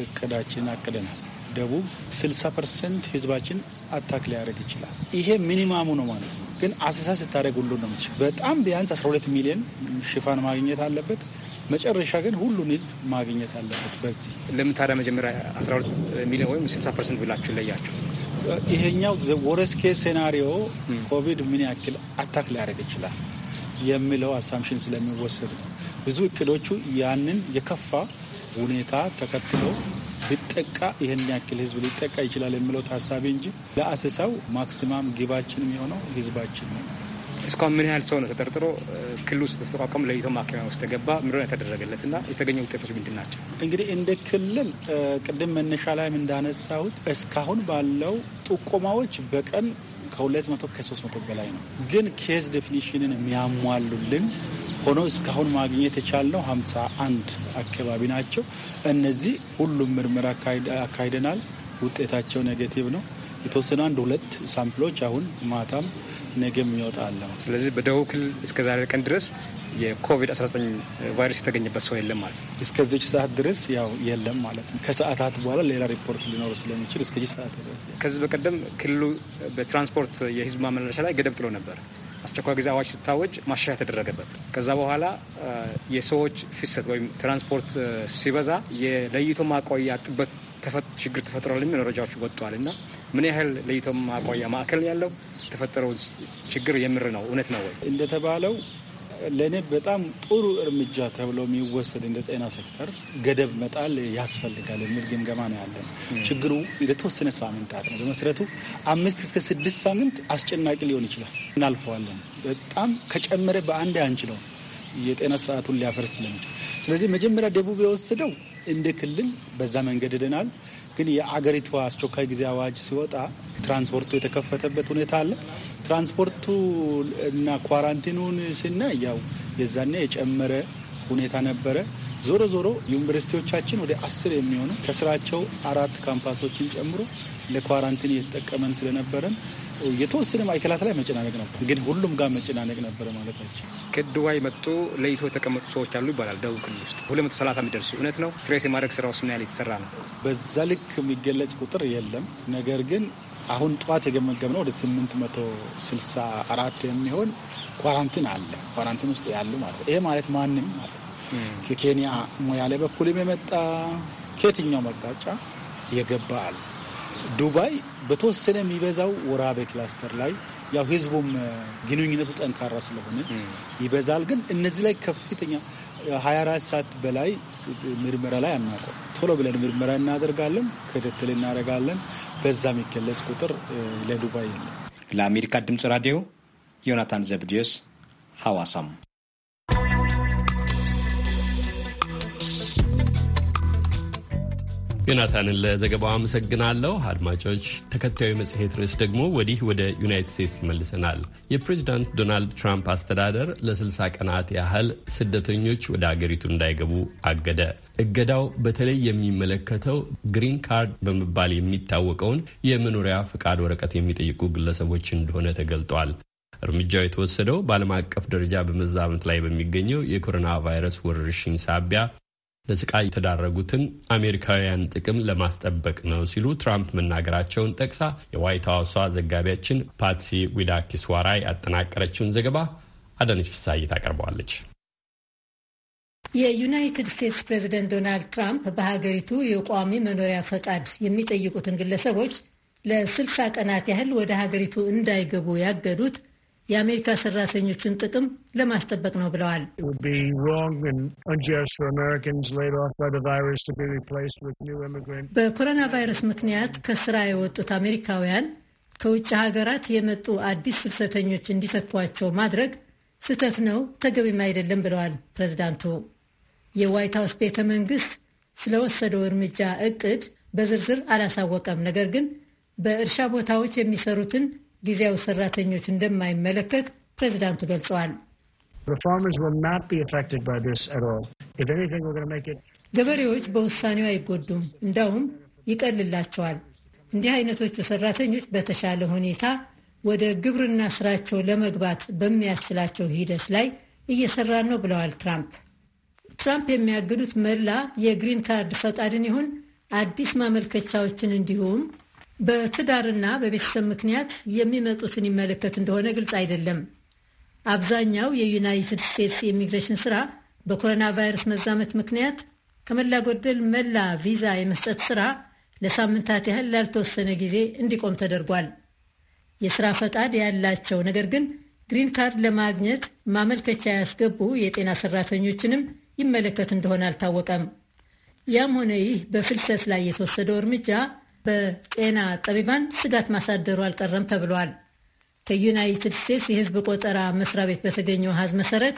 J: እቅዳችን አቅደናል። ደቡብ 60 ፐርሰንት ህዝባችን አታክ ሊያደርግ ይችላል። ይሄ ሚኒማሙ ነው ማለት ነው። ግን አሰሳ ስታደርግ ሁሉ ነው በጣም ቢያንስ 12 ሚሊዮን ሽፋን ማግኘት አለበት። መጨረሻ ግን ሁሉን ህዝብ ማግኘት አለበት። በዚህ
I: ለምታ መጀመሪያ 12 ሚሊዮን
J: ወይም 60 ፐርሰንት ብላችሁ ለያችሁ? ይሄኛው ወረስኬ ሴናሪዮ ኮቪድ ምን ያክል አታክ ሊያደርግ ይችላል የሚለው አሳምሽን ስለሚወሰድ ነው። ብዙ እክሎቹ ያንን የከፋ ሁኔታ ተከትሎ ብጠቃ ይህን ያክል ህዝብ ሊጠቃ ይችላል የሚለው ታሳቢ እንጂ ለአሰሳው ማክሲማም ግባችን የሆነው ህዝባችን
I: ነው። እስካሁን ምን ያህል ሰው ነው ተጠርጥሮ ክልል ውስጥ ተተቋቋሙ ለይቶ ማከሚያ ውስጥ ተገባ ምንድን የተደረገለት እና የተገኘ ውጤቶች ምንድን ናቸው?
J: እንግዲህ እንደ ክልል ቅድም መነሻ ላይም እንዳነሳሁት እስካሁን ባለው ጥቆማዎች በቀን ከ200 ከ መቶ በላይ ነው። ግን ኬዝ ዴፊኒሽንን የሚያሟሉልን ሆኖ እስካሁን ማግኘት የቻልነው ሀምሳ አንድ አካባቢ ናቸው። እነዚህ ሁሉም ምርምር አካሂደናል። ውጤታቸው ኔጌቲቭ ነው። የተወሰኑ አንድ ሁለት ሳምፕሎች አሁን ማታም
I: ነገም ይወጣል። ስለዚህ በደቡብ ክልል እስከዛሬ ቀን ድረስ የኮቪድ-19 ቫይረስ የተገኘበት ሰው የለም ማለት ነው። እስከዚች ሰዓት ድረስ ያው የለም ማለት ነው። ከሰዓታት በኋላ ሌላ ሪፖርት
J: ሊኖር ስለሚችል እስከዚች ሰዓት ድረስ።
I: ከዚህ በቀደም ክልሉ በትራንስፖርት የህዝብ ማመላለሻ ላይ ገደብ ጥሎ ነበር። አስቸኳይ ጊዜ አዋጅ ስታወጅ ማሻሻያ ተደረገበት። ከዛ በኋላ የሰዎች ፍሰት ወይም ትራንስፖርት ሲበዛ የለይቶ ማቆያ ጥበት ችግር ተፈጥሯል የሚል መረጃዎች ወጥተዋል እና ምን ያህል ለይቶ ማቆያ ማዕከል ያለው የተፈጠረው ችግር የምር ነው እውነት ነው ወይ እንደተባለው ለእኔ በጣም ጥሩ እርምጃ ተብሎ
J: የሚወሰድ እንደ ጤና ሴክተር ገደብ መጣል ያስፈልጋል የሚል ግምገማ ነው ያለን። ችግሩ ለተወሰነ ሳምንታት ነው። በመሰረቱ አምስት እስከ ስድስት ሳምንት አስጨናቂ ሊሆን ይችላል፣ እናልፈዋለን። በጣም ከጨመረ በአንድ አንችለው የጤና ስርዓቱን ሊያፈርስ ስለሚችል፣ ስለዚህ መጀመሪያ ደቡብ የወሰደው እንደ ክልል በዛ መንገድ ሄደናል። ግን የአገሪቷ አስቸኳይ ጊዜ አዋጅ ሲወጣ ትራንስፖርቱ የተከፈተበት ሁኔታ አለ። ትራንስፖርቱ እና ኳራንቲኑን ስናይ ያው የዛኔ የጨመረ ሁኔታ ነበረ። ዞሮ ዞሮ ዩኒቨርሲቲዎቻችን ወደ አስር የሚሆኑ ከስራቸው አራት ካምፓሶችን ጨምሮ ለኳራንቲን እየተጠቀመን ስለነበረን የተወሰነ ማዕከላት ላይ መጨናነቅ
I: ነበር፣ ግን ሁሉም ጋር መጨናነቅ ነበረ ማለታቸው። ከድዋ የመጡ ለይቶ የተቀመጡ ሰዎች አሉ ይባላል። ደቡብ ክልል ውስጥ 230 የሚደርሱ እውነት ነው። ትሬስ የማድረግ ስራው ምን ያህል የተሰራ ነው? በዛ ልክ የሚገለጽ
J: ቁጥር የለም። ነገር ግን አሁን ጠዋት የገመገብነው ወደ 864 የሚሆን ኳራንቲን አለ። ኳራንቲን ውስጥ ያሉ ማለት ይሄ ማለት ማንም ማለት ከኬንያ ሞያሌ በኩልም የመጣ ከየትኛው መቅጣጫ የገባ አለ። ዱባይ በተወሰነ የሚበዛው ወራቤ ክላስተር ላይ ያው ህዝቡም ግንኙነቱ ጠንካራ ስለሆነ ይበዛል። ግን እነዚህ ላይ ከፍተኛ 24 ሰዓት በላይ ምርመራ ላይ አናውቀው። ቶሎ ብለን ምርመራ እናደርጋለን፣ ክትትል እናደርጋለን። በዛ የሚገለጽ ቁጥር ለዱባይ የለም።
I: ለአሜሪካ ድምፅ ራዲዮ
A: ዮናታን ዘብዲዮስ ሐዋሳም ዮናታንን ለዘገባው አመሰግናለሁ። አድማጮች፣ ተከታዩ መጽሔት ርዕስ ደግሞ ወዲህ ወደ ዩናይትድ ስቴትስ ይመልሰናል። የፕሬዚዳንት ዶናልድ ትራምፕ አስተዳደር ለ60 ቀናት ያህል ስደተኞች ወደ አገሪቱ እንዳይገቡ አገደ። እገዳው በተለይ የሚመለከተው ግሪን ካርድ በመባል የሚታወቀውን የመኖሪያ ፍቃድ ወረቀት የሚጠይቁ ግለሰቦች እንደሆነ ተገልጧል። እርምጃው የተወሰደው በዓለም አቀፍ ደረጃ በመዛመት ላይ በሚገኘው የኮሮና ቫይረስ ወረርሽኝ ሳቢያ ለስቃይ የተዳረጉትን አሜሪካውያን ጥቅም ለማስጠበቅ ነው ሲሉ ትራምፕ መናገራቸውን ጠቅሳ የዋይት ሀውሷ ዘጋቢያችን ፓትሲ ዊዳኪስዋራይ ያጠናቀረችውን ዘገባ አዳነች ፍሳይ ታቀርበዋለች።
K: የዩናይትድ ስቴትስ ፕሬዚደንት ዶናልድ ትራምፕ በሀገሪቱ የቋሚ መኖሪያ ፈቃድ የሚጠይቁትን ግለሰቦች ለ60 ቀናት ያህል ወደ ሀገሪቱ እንዳይገቡ ያገዱት የአሜሪካ ሰራተኞችን ጥቅም ለማስጠበቅ ነው ብለዋል። በኮሮና ቫይረስ ምክንያት ከስራ የወጡት አሜሪካውያን ከውጭ ሀገራት የመጡ አዲስ ፍልሰተኞች እንዲተኳቸው ማድረግ ስህተት ነው፣ ተገቢም አይደለም ብለዋል ፕሬዚዳንቱ። የዋይት ሀውስ ቤተ መንግስት ስለወሰደው እርምጃ እቅድ በዝርዝር አላሳወቀም። ነገር ግን በእርሻ ቦታዎች የሚሰሩትን ጊዜያዊ ሰራተኞች እንደማይመለከት ፕሬዚዳንቱ ገልጸዋል። ገበሬዎች በውሳኔው አይጎዱም፣ እንዳውም ይቀልላቸዋል። እንዲህ አይነቶቹ ሰራተኞች በተሻለ ሁኔታ ወደ ግብርና ስራቸው ለመግባት በሚያስችላቸው ሂደት ላይ እየሰራ ነው ብለዋል ትራምፕ። ትራምፕ የሚያግዱት መላ የግሪን ካርድ ፈቃድን ይሁን አዲስ ማመልከቻዎችን እንዲሁም በትዳርና በቤተሰብ ምክንያት የሚመጡትን ይመለከት እንደሆነ ግልጽ አይደለም። አብዛኛው የዩናይትድ ስቴትስ የኢሚግሬሽን ስራ በኮሮና ቫይረስ መዛመት ምክንያት ከመላ ጎደል መላ ቪዛ የመስጠት ስራ ለሳምንታት ያህል ላልተወሰነ ጊዜ እንዲቆም ተደርጓል። የስራ ፈቃድ ያላቸው ነገር ግን ግሪን ካርድ ለማግኘት ማመልከቻ ያስገቡ የጤና ሰራተኞችንም ይመለከት እንደሆነ አልታወቀም። ያም ሆነ ይህ በፍልሰት ላይ የተወሰደው እርምጃ በጤና ጠቢባን ስጋት ማሳደሩ አልቀረም ተብሏል። ከዩናይትድ ስቴትስ የሕዝብ ቆጠራ መስሪያ ቤት በተገኘው አሃዝ መሰረት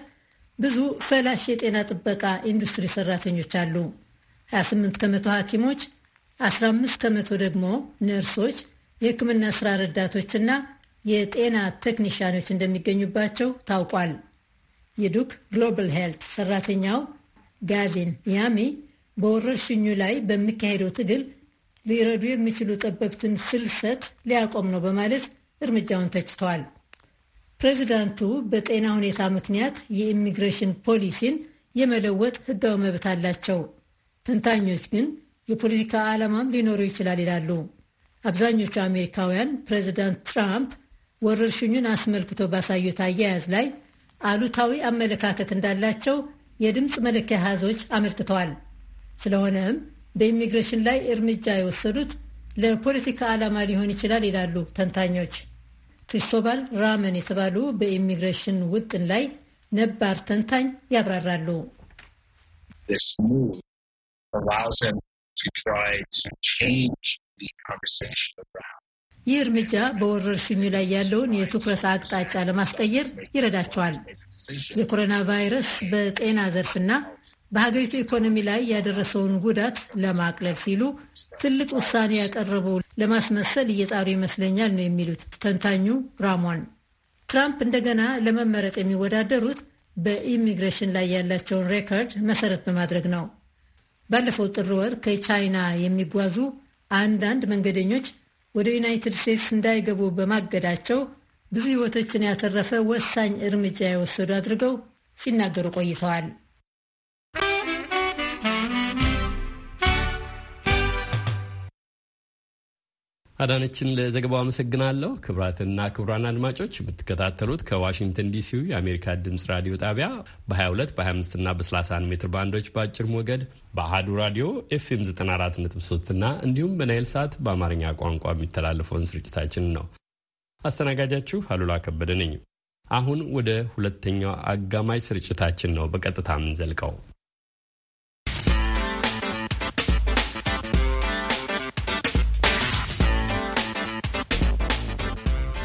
K: ብዙ ፈላሽ የጤና ጥበቃ ኢንዱስትሪ ሰራተኞች አሉ። 28 ከመቶ ሐኪሞች፣ 15 ከመቶ ደግሞ ነርሶች፣ የሕክምና ስራ ረዳቶችና የጤና ቴክኒሽያኖች እንደሚገኙባቸው ታውቋል። የዱክ ግሎባል ሄልት ሰራተኛው ጋቪን ያሚ በወረርሽኙ ላይ በሚካሄደው ትግል ሊረዱ የሚችሉ ጠበብትን ፍልሰት ሊያቆም ነው በማለት እርምጃውን ተችተዋል። ፕሬዚዳንቱ በጤና ሁኔታ ምክንያት የኢሚግሬሽን ፖሊሲን የመለወጥ ሕጋዊ መብት አላቸው። ተንታኞች ግን የፖለቲካ ዓላማም ሊኖረው ይችላል ይላሉ። አብዛኞቹ አሜሪካውያን ፕሬዚዳንት ትራምፕ ወረርሽኙን አስመልክቶ ባሳዩት አያያዝ ላይ አሉታዊ አመለካከት እንዳላቸው የድምፅ መለኪያ ሀዞች አመልክተዋል። ስለሆነም በኢሚግሬሽን ላይ እርምጃ የወሰዱት ለፖለቲካ ዓላማ ሊሆን ይችላል ይላሉ ተንታኞች። ክሪስቶባል ራመን የተባሉ በኢሚግሬሽን ውጥን ላይ ነባር ተንታኝ ያብራራሉ። ይህ እርምጃ በወረርሽኙ ላይ ያለውን የትኩረት አቅጣጫ ለማስቀየር ይረዳቸዋል። የኮሮና ቫይረስ በጤና ዘርፍና በሀገሪቱ ኢኮኖሚ ላይ ያደረሰውን ጉዳት ለማቅለል ሲሉ ትልቅ ውሳኔ ያቀረበው ለማስመሰል እየጣሩ ይመስለኛል ነው የሚሉት ተንታኙ ራሞን። ትራምፕ እንደገና ለመመረጥ የሚወዳደሩት በኢሚግሬሽን ላይ ያላቸውን ሬከርድ መሰረት በማድረግ ነው። ባለፈው ጥር ወር ከቻይና የሚጓዙ አንዳንድ መንገደኞች ወደ ዩናይትድ ስቴትስ እንዳይገቡ በማገዳቸው ብዙ ሕይወቶችን ያተረፈ ወሳኝ እርምጃ የወሰዱ አድርገው ሲናገሩ ቆይተዋል።
A: አዳነችን ለዘገባው አመሰግናለሁ። ክብራትና ክቡራን አድማጮች የምትከታተሉት ከዋሽንግተን ዲሲው የአሜሪካ ድምጽ ራዲዮ ጣቢያ በ22 በ25ና በ31 ሜትር ባንዶች በአጭር ሞገድ በአህዱ ራዲዮ ኤፍኤም 943 እና እንዲሁም በናይል ሳት በአማርኛ ቋንቋ የሚተላለፈውን ስርጭታችን ነው። አስተናጋጃችሁ አሉላ ከበደ ነኝ። አሁን ወደ ሁለተኛው አጋማሽ ስርጭታችን ነው በቀጥታ የምንዘልቀው።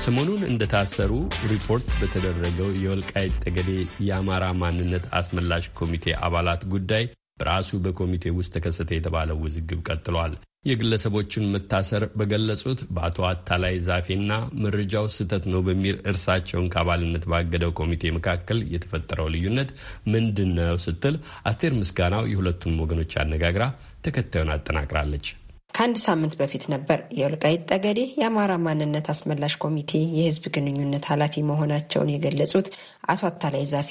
A: ሰሞኑን እንደታሰሩ ሪፖርት በተደረገው የወልቃይት ጠገዴ የአማራ ማንነት አስመላሽ ኮሚቴ አባላት ጉዳይ በራሱ በኮሚቴ ውስጥ ተከሰተ የተባለው ውዝግብ ቀጥሏል። የግለሰቦቹን መታሰር በገለጹት በአቶ አታላይ ዛፌና መረጃው ስህተት ነው በሚል እርሳቸውን ከአባልነት ባገደው ኮሚቴ መካከል የተፈጠረው ልዩነት ምንድን ነው ስትል አስቴር ምስጋናው የሁለቱን ወገኖች አነጋግራ ተከታዩን አጠናቅራለች።
L: ከአንድ ሳምንት በፊት ነበር የወልቃይት ጠገዴ የአማራ ማንነት አስመላሽ ኮሚቴ የህዝብ ግንኙነት ኃላፊ መሆናቸውን የገለጹት አቶ አታላይ ዛፌ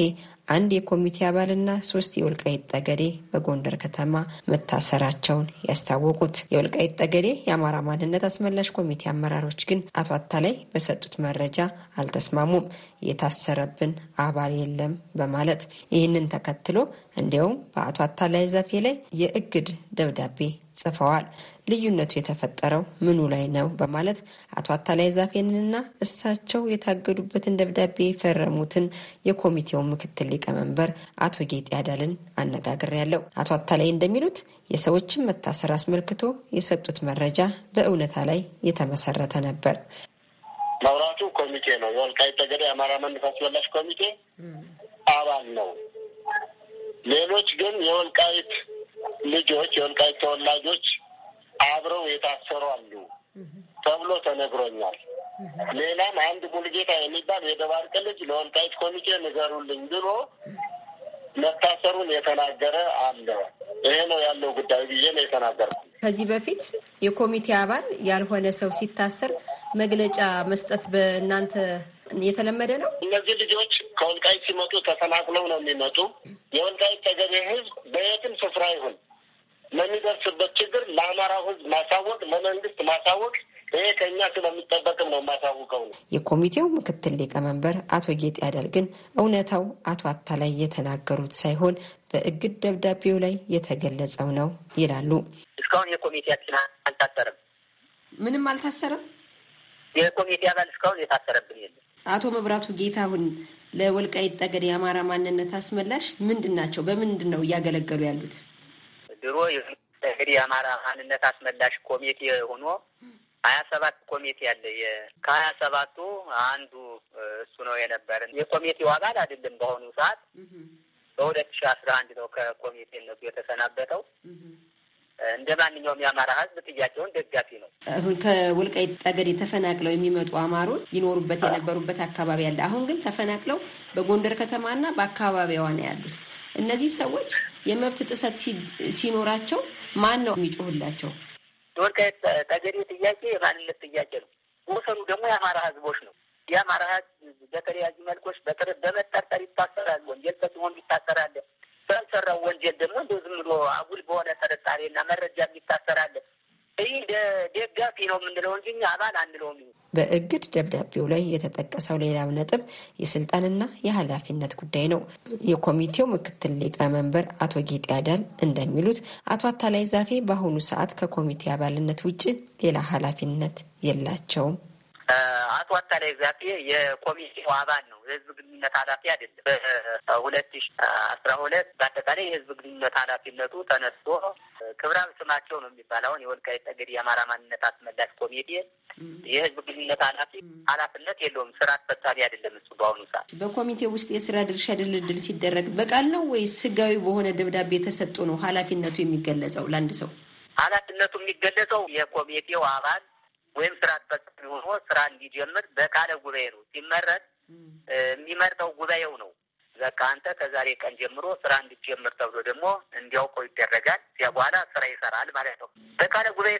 L: አንድ የኮሚቴ አባልና ሶስት የወልቃይት ጠገዴ በጎንደር ከተማ መታሰራቸውን ያስታወቁት የወልቃይት ጠገዴ የአማራ ማንነት አስመላሽ ኮሚቴ አመራሮች ግን አቶ አታላይ በሰጡት መረጃ አልተስማሙም። የታሰረብን አባል የለም በማለት ይህንን ተከትሎ እንዲያውም በአቶ አታላይ ዛፌ ላይ የእግድ ደብዳቤ ጽፈዋል። ልዩነቱ የተፈጠረው ምኑ ላይ ነው በማለት አቶ አታላይ ዛፌንንና እሳቸው የታገዱበትን ደብዳቤ የፈረሙትን የኮሚቴው ምክትል ሊቀመንበር አቶ ያዳልን አዳልን ያለው አቶ አታላይ እንደሚሉት የሰዎችን መታሰር አስመልክቶ የሰጡት መረጃ በእውነታ ላይ የተመሰረተ ነበር።
M: መብራቱ ኮሚቴ ነው። የወልቃይት ጠገዴ የአማራ መንግስት አስመላሽ ኮሚቴ አባል ነው። ሌሎች ግን የወልቃይት ልጆች የወልቃይት ተወላጆች አብረው የታሰሩ አሉ ተብሎ ተነግሮኛል። ሌላም አንድ ሙልጌታ የሚባል የደባርቅ ልጅ ለወልቃይት ኮሚቴ ንገሩልኝ ብሎ መታሰሩን የተናገረ አለ። ይሄ ነው ያለው ጉዳዩ ብዬ ነው የተናገርኩት።
L: ከዚህ በፊት የኮሚቴ አባል ያልሆነ ሰው ሲታሰር መግለጫ መስጠት በእናንተ የተለመደ ነው።
M: እነዚህ ልጆች ከወልቃይት ሲመጡ ተፈናቅለው ነው የሚመጡ። የወልቃይት ተገቢ ህዝብ በየትም ስፍራ ይሁን ለሚደርስበት ችግር ለአማራው ህዝብ ማሳወቅ፣ ለመንግስት ማሳወቅ ይሄ ከእኛ ስለሚጠበቅም ነው የማሳውቀው ነው።
L: የኮሚቴው ምክትል ሊቀመንበር አቶ ጌጥ ያዳል ግን እውነታው አቶ አታላይ የተናገሩት ሳይሆን በእግድ ደብዳቤው ላይ የተገለጸው ነው ይላሉ።
N: እስካሁን የኮሚቴያችን አልታሰርም፣
L: ምንም አልታሰረም
N: የኮሚቴ አባል እስካሁን የታሰረብን የለም።
L: አቶ መብራቱ ጌታሁን ለወልቃይት ጠገድ የአማራ ማንነት አስመላሽ ምንድን ናቸው? በምንድን ነው እያገለገሉ ያሉት?
N: ድሮ ጠገድ የአማራ ማንነት አስመላሽ ኮሚቴ ሆኖ ሀያ ሰባት ኮሚቴ አለ። ከሀያ ሰባቱ አንዱ እሱ ነው የነበረን የኮሚቴው አባል አይደለም በአሁኑ ሰዓት። በሁለት ሺ አስራ አንድ ነው ከኮሚቴነቱ የተሰናበተው። እንደ ማንኛውም የአማራ ህዝብ ጥያቄውን ደጋፊ ነው።
L: አሁን ከወልቃይት ጠገዴ ተፈናቅለው የሚመጡ አማሮች ይኖሩበት የነበሩበት አካባቢ አለ። አሁን ግን ተፈናቅለው በጎንደር ከተማና በአካባቢዋ ነው ያሉት። እነዚህ ሰዎች የመብት ጥሰት ሲኖራቸው ማን ነው የሚጮህላቸው?
N: የወልቃይት ጠገዴ ጥያቄ የማንነት ጥያቄ ነው። ወሰኑ ደግሞ የአማራ ህዝቦች ነው። የአማራ ህዝብ በተለያዩ መልኮች በመጠርጠር ይታሰራል። ወንጀል ተስሆን ይታሰራል። ባልሰራው ወንጀል ደግሞ እንደ ዝም ብሎ አጉል በሆነ ጥርጣሬና መረጃ የሚታሰራለ ይህ ደጋፊ ነው የምንለው እንጂ አባል አንለውም።
L: በእግድ ደብዳቤው ላይ የተጠቀሰው ሌላው ነጥብ የስልጣንና የኃላፊነት ጉዳይ ነው። የኮሚቴው ምክትል ሊቀመንበር አቶ ጌጤ አዳል እንደሚሉት አቶ አታላይ ዛፌ በአሁኑ ሰዓት ከኮሚቴ አባልነት ውጭ ሌላ ኃላፊነት የላቸውም
N: አቶ አታላይ ዛፌ የኮሚቴው አባል ነው። የህዝብ ግንኙነት ኃላፊ አይደለም። በሁለት ሺ አስራ ሁለት በአጠቃላይ የህዝብ ግንኙነት ኃላፊነቱ ተነስቶ ክብራዊ ስማቸው ነው የሚባል አሁን የወልቃይት ጠገዴ የአማራ ማንነት አስመላሽ ኮሚቴ የህዝብ ግንኙነት ኃላፊ ኃላፊነት የለውም። ስራ አስፈጻሚ አይደለም እሱ። በአሁኑ
L: ሰዓት በኮሚቴ ውስጥ የስራ ድርሻ ድልድል ሲደረግ በቃል ነው ወይስ ህጋዊ በሆነ ደብዳቤ የተሰጡ ነው ኃላፊነቱ የሚገለጸው ለአንድ ሰው?
N: ኃላፊነቱ የሚገለጸው የኮሚቴው አባል ወይም ስራ አስፈጻሚ ሆኖ ስራ እንዲጀምር በካለ ጉባኤ ነው ሲመረጥ። የሚመርጠው ጉባኤው ነው። በቃ አንተ ከዛሬ ቀን ጀምሮ ስራ እንዲጀምር ተብሎ ደግሞ እንዲያውቀው ይደረጋል። ያ በኋላ ስራ ይሰራል ማለት ነው። በካለ ጉባኤ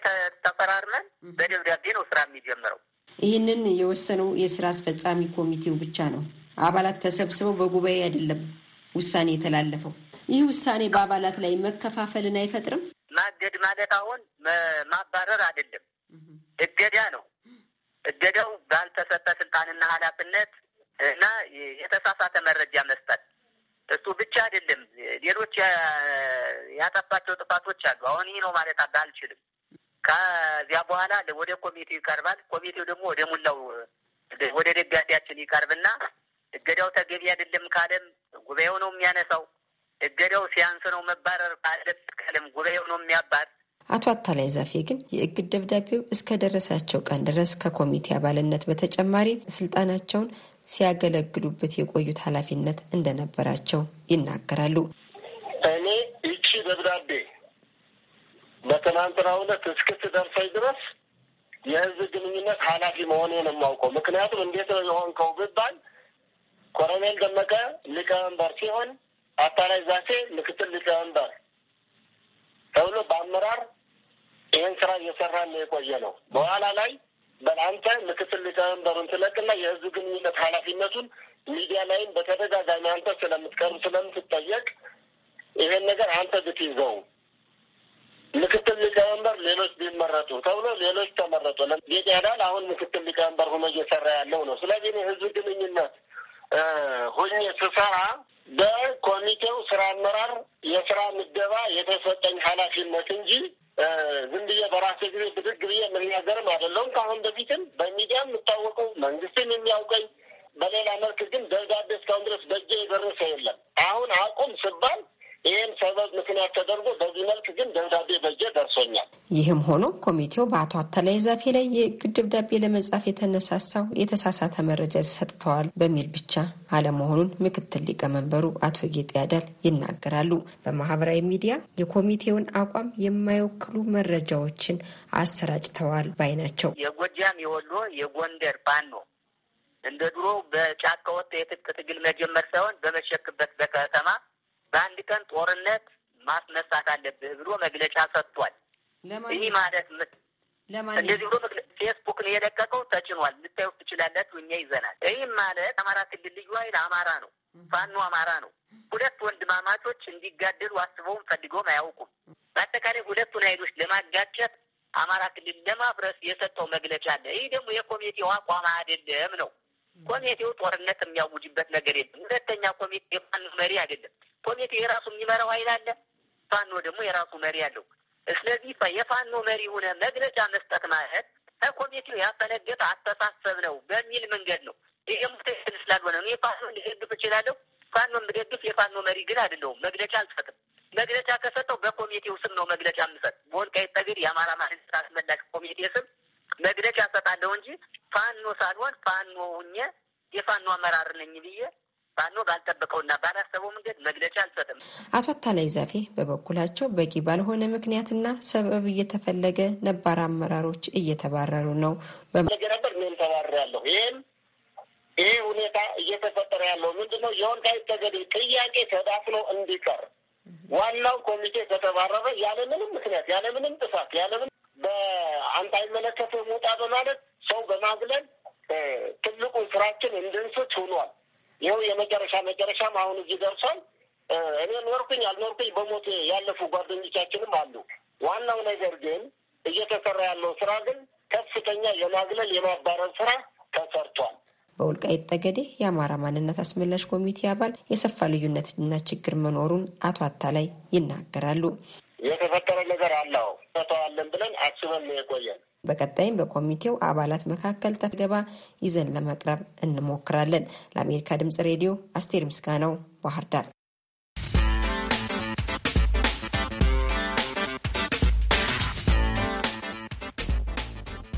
N: ተፈራርመን በደብዳቤ ነው ስራ የሚጀምረው።
L: ይህንን የወሰነው የስራ አስፈጻሚ ኮሚቴው ብቻ ነው። አባላት ተሰብስበው በጉባኤ አይደለም ውሳኔ የተላለፈው። ይህ ውሳኔ በአባላት ላይ መከፋፈልን አይፈጥርም።
N: ማገድ ማለት አሁን ማባረር አይደለም እገዳ ነው። እገዳው ባልተሰጠ ስልጣንና ኃላፊነት እና የተሳሳተ መረጃ መስጠት እሱ ብቻ አይደለም። ሌሎች ያጠፋቸው ጥፋቶች አሉ። አሁን ይህ ነው ማለት አልችልም። ከዚያ በኋላ ወደ ኮሚቴው ይቀርባል። ኮሚቴው ደግሞ ወደ ሙላው ወደ ደጋፊያችን ይቀርብና እገዳው ተገቢ አይደለም ካለም ጉባኤው ነው የሚያነሳው። እገዳው ሲያንስ ነው መባረር ካለም ጉባኤው ነው የሚያባር
L: አቶ አታላይ ዛፌ ግን የእግድ ደብዳቤው እስከደረሳቸው ቀን ድረስ ከኮሚቴ አባልነት በተጨማሪ ስልጣናቸውን ሲያገለግሉበት የቆዩት ኃላፊነት እንደነበራቸው ይናገራሉ።
M: እኔ ይቺ ደብዳቤ በትናንትናው ዕለት እስክትደርሰኝ ድረስ የህዝብ ግንኙነት ኃላፊ መሆኑ ነው የማውቀው። ምክንያቱም እንዴት ነው የሆንከው ብባል ኮሎኔል ደመቀ ሊቀመንበር ሲሆን አታላይ ዛፌ ምክትል ሊቀመንበር ተብሎ በአመራር ይህን ስራ እየሰራ ነው የቆየ ነው። በኋላ ላይ በአንተ ምክትል ሊቀመንበሩን ትለቅና የህዝብ ግንኙነት ኃላፊነቱን ሚዲያ ላይም በተደጋጋሚ አንተ ስለምትቀርብ ስለምትጠየቅ ይሄን ነገር አንተ ብትይዘው ምክትል ሊቀመንበር ሌሎች ቢመረጡ ተብሎ ሌሎች ተመረጡ። ሊቀዳል አሁን ምክትል ሊቀመንበር ሆኖ እየሰራ ያለው ነው። ስለዚህ ህዝብ ግንኙነት ሁኜ ስሰራ በኮሚቴው ስራ አመራር የስራ ምደባ የተሰጠኝ ኃላፊነት እንጂ ዝም ብዬ በራሴ ጊዜ ብድግ ብዬ የምናገርም አይደለሁም። ከአሁን በፊትም በሚዲያም የምታወቀው መንግስትም የሚያውቀኝ በሌላ መልክ ግን ደብዳቤ እስካሁን ድረስ በእጄ የደረሰ የለም። አሁን አቁም ስባል ይህን ሰበብ ምክንያት ተደርጎ በዚህ መልክ ግን ደብዳቤ
L: በጀ ደርሶኛል። ይህም ሆኖ ኮሚቴው በአቶ አተላይ ዛፌ ላይ የእግድ ደብዳቤ ለመጻፍ የተነሳሳው የተሳሳተ መረጃ ሰጥተዋል በሚል ብቻ አለመሆኑን ምክትል ሊቀመንበሩ አቶ ጌጤ ያዳል ይናገራሉ። በማህበራዊ ሚዲያ የኮሚቴውን አቋም የማይወክሉ መረጃዎችን አሰራጭተዋል ባይ ናቸው።
N: የጎጃም፣ የወሎ፣ የጎንደር ባኖ እንደ ድሮ በጫካ ወጥቶ የትጥቅ ትግል መጀመር ሳይሆን በመሸክበት በከተማ በአንድ ቀን ጦርነት ማስነሳት አለብህ ብሎ መግለጫ ሰጥቷል።
L: ይህ ማለት እንደዚህ
N: ብሎ ፌስቡክን የለቀቀው ተጭኗል። ልታዩት ትችላላችሁ። እኛ ይዘናል። ይህም ማለት አማራ ክልል ልዩ ኃይል አማራ ነው፣ ፋኖ አማራ ነው። ሁለት ወንድማማቾች እንዲጋደሉ አስበውም ፈልገውም አያውቁም። በአጠቃላይ ሁለቱን ኃይሎች ለማጋጨት አማራ ክልል ለማፍረስ የሰጠው መግለጫ አለ። ይህ ደግሞ የኮሚቴው አቋም አይደለም ነው። ኮሚቴው ጦርነት የሚያውጅበት ነገር የለም። ሁለተኛ ኮሚቴ የፋኖ መሪ አይደለም። ኮሚቴ የራሱ የሚመራው ኃይል አለ። ፋኖ ደግሞ የራሱ መሪ አለው። ስለዚህ የፋኖ መሪ ሆነ መግለጫ መስጠት ማለት ከኮሚቴው ያፈነገጠ አስተሳሰብ ነው በሚል መንገድ ነው። ይሄ ሙትክል ስላልሆነ እኔ ፋኖ ልደግፍ እችላለሁ። ፋኖ የምደግፍ የፋኖ መሪ ግን አይደለሁም። መግለጫ አልሰጥም። መግለጫ ከሰጠው በኮሚቴው ስም ነው መግለጫ የምሰጥ። በወልቃይት ጠገዴ የአማራ ማንነት አስመላሽ ኮሚቴ ስም መግለጫ እሰጣለሁ እንጂ ፋኖ ሳልሆን ፋኖ ሁኜ የፋኖ አመራር ነኝ ብዬ ባኖ ባልጠበቀውና
L: ባላሰበው መንገድ መግለጫ አልሰጥም። አቶ አታላይ ዛፌ በበኩላቸው በቂ ባልሆነ ምክንያትና ሰበብ እየተፈለገ ነባር አመራሮች እየተባረሩ ነው በነገረበት
M: ምን ተባረር ያለሁ ይህም ይህ ሁኔታ እየተፈጠረ ያለው ምንድን ነው? የወልቃይት ጠገዴ ጥያቄ ተዳፍኖ እንዲቀር ዋናው ኮሚቴ ከተባረረ ያለ ምንም ምክንያት ያለ ምንም ጥፋት ያለ ያለምን በአንተ አይመለከትህም ውጣ በማለት ሰው በማግለል ትልቁ ስራችን እንድንስት ሆኗል። ይኸው የመጨረሻ መጨረሻም አሁን እዚህ ደርሷል። እኔ ኖርኩኝ አልኖርኩኝ በሞት ያለፉ ጓደኞቻችንም አሉ። ዋናው ነገር ግን እየተሰራ ያለው ስራ ግን ከፍተኛ የማግለል የማባረር ስራ ተሰርቷል።
L: በወልቃይት ጠገዴ የአማራ ማንነት አስመላሽ ኮሚቴ አባል የሰፋ ልዩነትና ችግር መኖሩን አቶ አታላይ ይናገራሉ።
M: የተፈጠረ ነገር አለው ተተዋለን ብለን
L: አስበን ነው የቆየን በቀጣይም በኮሚቴው አባላት መካከል ተገባ ይዘን ለመቅረብ እንሞክራለን። ለአሜሪካ ድምጽ ሬዲዮ አስቴር ምስጋናው ባህር ዳር።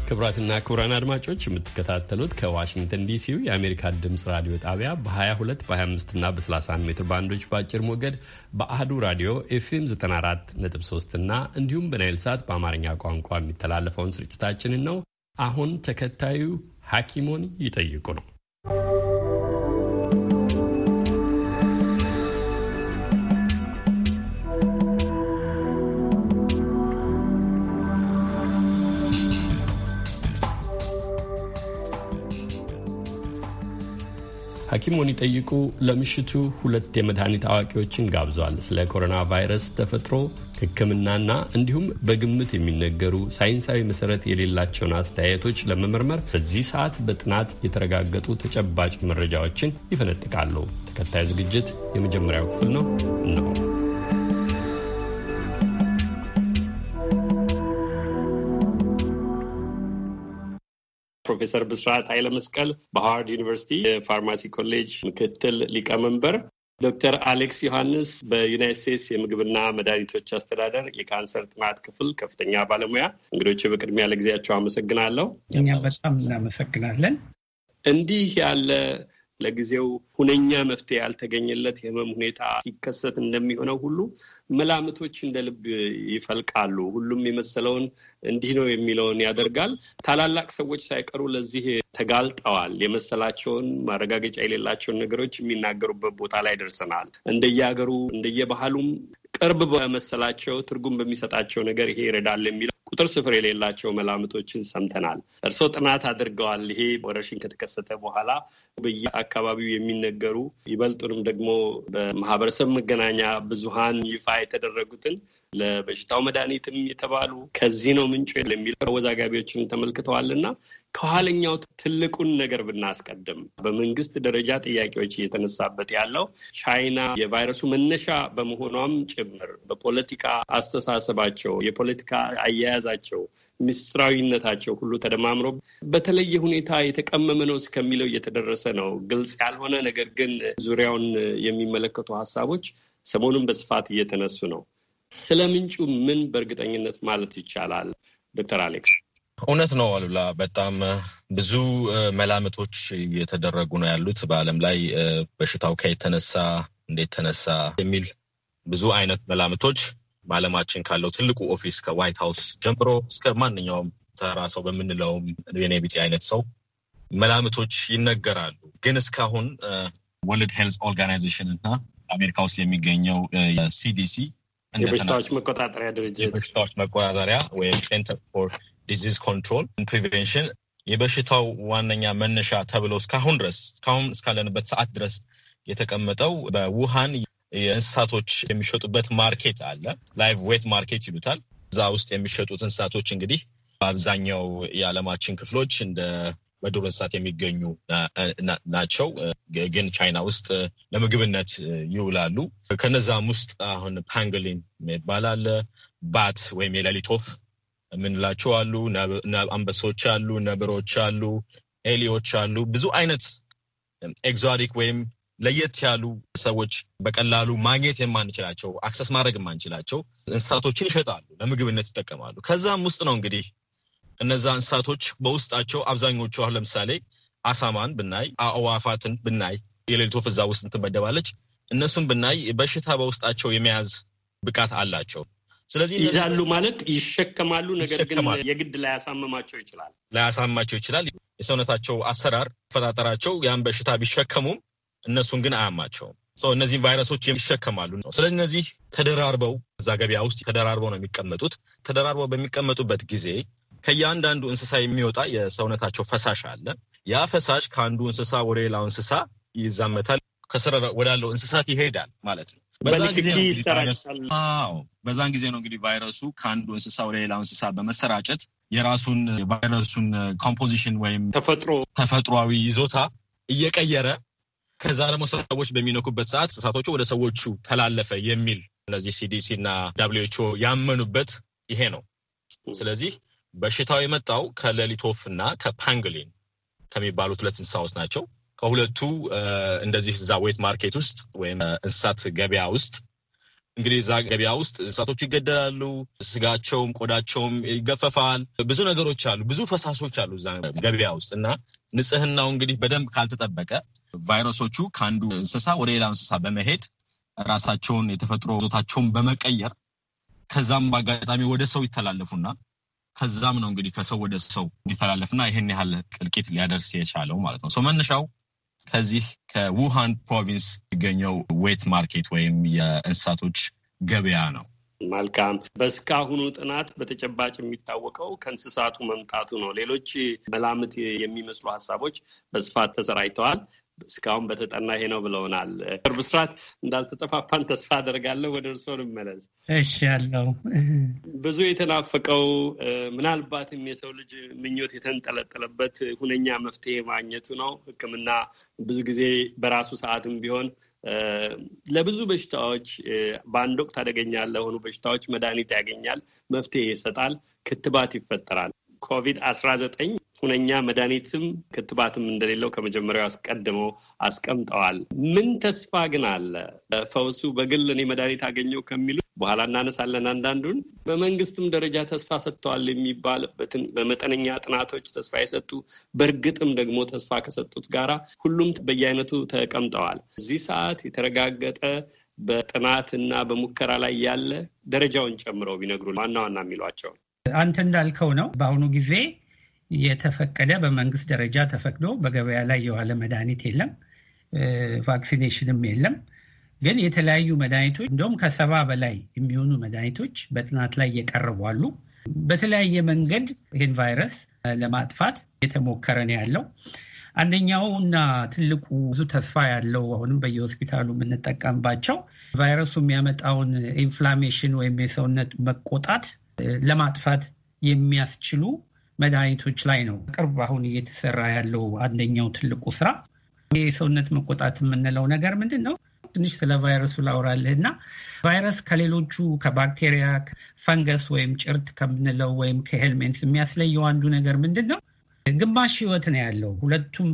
A: ክቡራትና ክቡራን አድማጮች የምትከታተሉት ከዋሽንግተን ዲሲው የአሜሪካ ድምፅ ራዲዮ ጣቢያ በ22 በ25ና በ31 ሜትር ባንዶች በአጭር ሞገድ በአህዱ ራዲዮ ኤፍኤም 94.3 እና እንዲሁም በናይል ሳት በአማርኛ ቋንቋ የሚተላለፈውን ስርጭታችንን ነው። አሁን ተከታዩ ሐኪሞን ይጠይቁ ነው። ሐኪሙን ይጠይቁ ለምሽቱ ሁለት የመድኃኒት አዋቂዎችን ጋብዟል። ስለ ኮሮና ቫይረስ ተፈጥሮ፣ ሕክምናና እንዲሁም በግምት የሚነገሩ ሳይንሳዊ መሰረት የሌላቸውን አስተያየቶች ለመመርመር በዚህ ሰዓት በጥናት የተረጋገጡ ተጨባጭ መረጃዎችን ይፈነጥቃሉ። ተከታዩ ዝግጅት የመጀመሪያው ክፍል ነው ነው ፕሮፌሰር ብስራት ኃይለ መስቀል በሃዋርድ ዩኒቨርሲቲ የፋርማሲ ኮሌጅ ምክትል ሊቀመንበር ዶክተር አሌክስ ዮሐንስ በዩናይት ስቴትስ የምግብና መድኃኒቶች አስተዳደር የካንሰር ጥናት ክፍል ከፍተኛ ባለሙያ። እንግዶች በቅድሚያ ለጊዜያቸው አመሰግናለሁ።
E: እኛ በጣም እናመሰግናለን።
A: እንዲህ ያለ ለጊዜው ሁነኛ መፍትሄ ያልተገኘለት የህመም ሁኔታ ሲከሰት እንደሚሆነው ሁሉ መላምቶች እንደ ልብ ይፈልቃሉ። ሁሉም የመሰለውን እንዲህ ነው የሚለውን ያደርጋል። ታላላቅ ሰዎች ሳይቀሩ ለዚህ ተጋልጠዋል። የመሰላቸውን ማረጋገጫ የሌላቸውን ነገሮች የሚናገሩበት ቦታ ላይ ደርሰናል። እንደየሀገሩ እንደየባህሉም ቅርብ በመሰላቸው ትርጉም በሚሰጣቸው ነገር ይሄ ይረዳል የሚለው ቁጥር ስፍር የሌላቸው መላምቶችን ሰምተናል። እርስዎ ጥናት አድርገዋል። ይሄ ወረርሽኝ ከተከሰተ በኋላ በየአካባቢው የሚነገሩ ይበልጡንም ደግሞ በማህበረሰብ መገናኛ ብዙሃን ይፋ የተደረጉትን ለበሽታው መድኃኒትም የተባሉ ከዚህ ነው ምንጩ የሚሉ አወዛጋቢዎችን ተመልክተዋልና ከኋለኛው ትልቁን ነገር ብናስቀድም በመንግስት ደረጃ ጥያቄዎች እየተነሳበት ያለው ቻይና የቫይረሱ መነሻ በመሆኗም ጭምር በፖለቲካ አስተሳሰባቸው፣ የፖለቲካ አያያዛቸው፣ ሚስጥራዊነታቸው ሁሉ ተደማምሮ በተለየ ሁኔታ የተቀመመ ነው እስከሚለው እየተደረሰ ነው። ግልጽ ያልሆነ ነገር ግን ዙሪያውን የሚመለከቱ ሀሳቦች ሰሞኑን በስፋት እየተነሱ ነው። ስለ ምንጩ ምን በእርግጠኝነት ማለት ይቻላል? ዶክተር አሌክስ
F: እውነት ነው አሉላ። በጣም ብዙ መላምቶች እየተደረጉ ነው ያሉት በዓለም ላይ በሽታው ከየት ተነሳ፣ እንዴት ተነሳ የሚል ብዙ አይነት መላምቶች በዓለማችን ካለው ትልቁ ኦፊስ ከዋይት ሀውስ ጀምሮ እስከ ማንኛውም ተራ ሰው በምንለውም የኔ ቢጤ አይነት ሰው መላምቶች ይነገራሉ። ግን እስካሁን ወርልድ ሄልዝ ኦርጋናይዜሽን እና አሜሪካ ውስጥ የሚገኘው ሲዲሲ የበሽታዎች መቆጣጠሪያ ድርጅት የበሽታዎች መቆጣጠሪያ ወይም ሴንተር ፎር ዲዚዝ ኮንትሮል ፕሪቬንሽን የበሽታው ዋነኛ መነሻ ተብሎ እስካሁን ድረስ እስካሁን እስካለንበት ሰዓት ድረስ የተቀመጠው በውሃን የእንስሳቶች የሚሸጡበት ማርኬት አለ። ላይቭ ዌት ማርኬት ይሉታል። እዛ ውስጥ የሚሸጡት እንስሳቶች እንግዲህ በአብዛኛው የዓለማችን ክፍሎች እንደ በዱር እንስሳት የሚገኙ ናቸው። ግን ቻይና ውስጥ ለምግብነት ይውላሉ። ከነዛም ውስጥ አሁን ፓንግሊን የሚባል አለ። ባት ወይም የሌሊት ወፍ የምንላቸው አሉ። አንበሶች አሉ፣ ነብሮች አሉ፣ ኤሊዎች አሉ። ብዙ አይነት ኤግዞቲክ ወይም ለየት ያሉ ሰዎች በቀላሉ ማግኘት የማንችላቸው አክሰስ ማድረግ የማንችላቸው እንስሳቶችን ይሸጣሉ፣ ለምግብነት ይጠቀማሉ። ከዛም ውስጥ ነው እንግዲህ እነዛ እንስሳቶች በውስጣቸው አብዛኞቹ አሁን ለምሳሌ አሳማን ብናይ፣ አእዋፋትን ብናይ የሌሊት ወፍ እዛ ውስጥ ትመደባለች። እነሱም ብናይ በሽታ በውስጣቸው የመያዝ ብቃት አላቸው። ስለዚህ ይዛሉ ማለት ይሸከማሉ። ነገር ግን
A: የግድ ላያሳምማቸው ይችላል
F: ላያሳምማቸው ይችላል። የሰውነታቸው አሰራር አፈጣጠራቸው ያን በሽታ ቢሸከሙም እነሱን ግን አያማቸውም። እነዚህም ቫይረሶች ይሸከማሉ። ስለዚህ እነዚህ ተደራርበው እዛ ገበያ ውስጥ ተደራርበው ነው የሚቀመጡት። ተደራርበው በሚቀመጡበት ጊዜ ከእያንዳንዱ እንስሳ የሚወጣ የሰውነታቸው ፈሳሽ አለ። ያ ፈሳሽ ከአንዱ እንስሳ ወደ ሌላው እንስሳ ይዛመታል፣ ከስር ወዳለው እንስሳት ይሄዳል ማለት ነው። በዛን ጊዜ ነው እንግዲህ ቫይረሱ ከአንዱ እንስሳ ወደ ሌላው እንስሳ በመሰራጨት የራሱን የቫይረሱን ኮምፖዚሽን ወይም ተፈጥሮ ተፈጥሯዊ ይዞታ እየቀየረ ከዛ ደግሞ ሰዎች በሚነኩበት ሰዓት እንስሳቶቹ ወደ ሰዎቹ ተላለፈ የሚል እነዚህ ሲዲሲ እና ዳብሊው ያመኑበት ይሄ ነው። ስለዚህ በሽታው የመጣው ከሌሊቶፍ እና ከፓንግሊን ከሚባሉት ሁለት እንስሳዎች ናቸው። ከሁለቱ እንደዚህ እዛ ዌት ማርኬት ውስጥ ወይም እንስሳት ገበያ ውስጥ እንግዲህ እዛ ገበያ ውስጥ እንስሳቶቹ ይገደላሉ። ስጋቸውም ቆዳቸውም ይገፈፋል። ብዙ ነገሮች አሉ፣ ብዙ ፈሳሾች አሉ እዛ ገበያ ውስጥ እና ንጽህናው እንግዲህ በደንብ ካልተጠበቀ ቫይረሶቹ ከአንዱ እንስሳ ወደ ሌላ እንስሳ በመሄድ ራሳቸውን የተፈጥሮ ዞታቸውን በመቀየር ከዛም በአጋጣሚ ወደ ሰው ይተላለፉና ከዛም ነው እንግዲህ ከሰው ወደ ሰው እንዲተላለፍና ይህን ያህል እልቂት ሊያደርስ የቻለው ማለት ነው። መነሻው ከዚህ ከውሃን ፕሮቪንስ የሚገኘው ዌት ማርኬት ወይም የእንስሳቶች ገበያ ነው።
A: መልካም። በእስካሁኑ ጥናት በተጨባጭ የሚታወቀው ከእንስሳቱ መምጣቱ ነው። ሌሎች መላምት የሚመስሉ ሀሳቦች በስፋት ተሰራጭተዋል። እስካሁን በተጠና ይሄ ነው ብለውናል። ቅርብ ስርዓት እንዳልተጠፋፋን ተስፋ አደርጋለሁ። ወደ እርስዎ ልመለስ።
F: እሺ፣
E: ያለው
A: ብዙ የተናፈቀው ምናልባትም የሰው ልጅ ምኞት የተንጠለጠለበት ሁነኛ መፍትሄ ማግኘቱ ነው። ሕክምና ብዙ ጊዜ በራሱ ሰዓትም ቢሆን ለብዙ በሽታዎች በአንድ ወቅት አደገኛ ለሆኑ በሽታዎች መድኃኒት ያገኛል፣ መፍትሄ ይሰጣል፣ ክትባት ይፈጠራል። ኮቪድ አስራ ዘጠኝ ሁነኛ መድኃኒትም ክትባትም እንደሌለው ከመጀመሪያው አስቀድመው አስቀምጠዋል። ምን ተስፋ ግን አለ? ፈውሱ በግል እኔ መድኃኒት አገኘው ከሚሉ በኋላ እናነሳለን። አንዳንዱን በመንግስትም ደረጃ ተስፋ ሰጥተዋል የሚባልበትን በመጠነኛ ጥናቶች ተስፋ የሰጡ በእርግጥም ደግሞ ተስፋ ከሰጡት ጋራ ሁሉም በየአይነቱ ተቀምጠዋል። እዚህ ሰዓት የተረጋገጠ በጥናትና በሙከራ ላይ ያለ ደረጃውን ጨምረው ቢነግሩ ዋና ዋና የሚሏቸው
E: አንተ እንዳልከው ነው በአሁኑ ጊዜ የተፈቀደ በመንግስት ደረጃ ተፈቅዶ በገበያ ላይ የዋለ መድኃኒት የለም። ቫክሲኔሽንም የለም። ግን የተለያዩ መድኃኒቶች እንደውም ከሰባ በላይ የሚሆኑ መድኃኒቶች በጥናት ላይ እየቀረቡ አሉ። በተለያየ መንገድ ይህን ቫይረስ ለማጥፋት እየተሞከረ ነው ያለው። አንደኛው እና ትልቁ ብዙ ተስፋ ያለው አሁንም በየሆስፒታሉ የምንጠቀምባቸው ቫይረሱ የሚያመጣውን ኢንፍላሜሽን ወይም የሰውነት መቆጣት ለማጥፋት የሚያስችሉ መድኃኒቶች ላይ ነው። ቅርብ አሁን እየተሰራ ያለው አንደኛው ትልቁ ስራ የሰውነት መቆጣት የምንለው ነገር ምንድን ነው? ትንሽ ስለ ቫይረሱ ላውራልህ እና ቫይረስ ከሌሎቹ ከባክቴሪያ፣ ፈንገስ ወይም ጭርት ከምንለው ወይም ከሄልሜንስ የሚያስለየው አንዱ ነገር ምንድን ነው? ግማሽ ህይወት ነው ያለው። ሁለቱም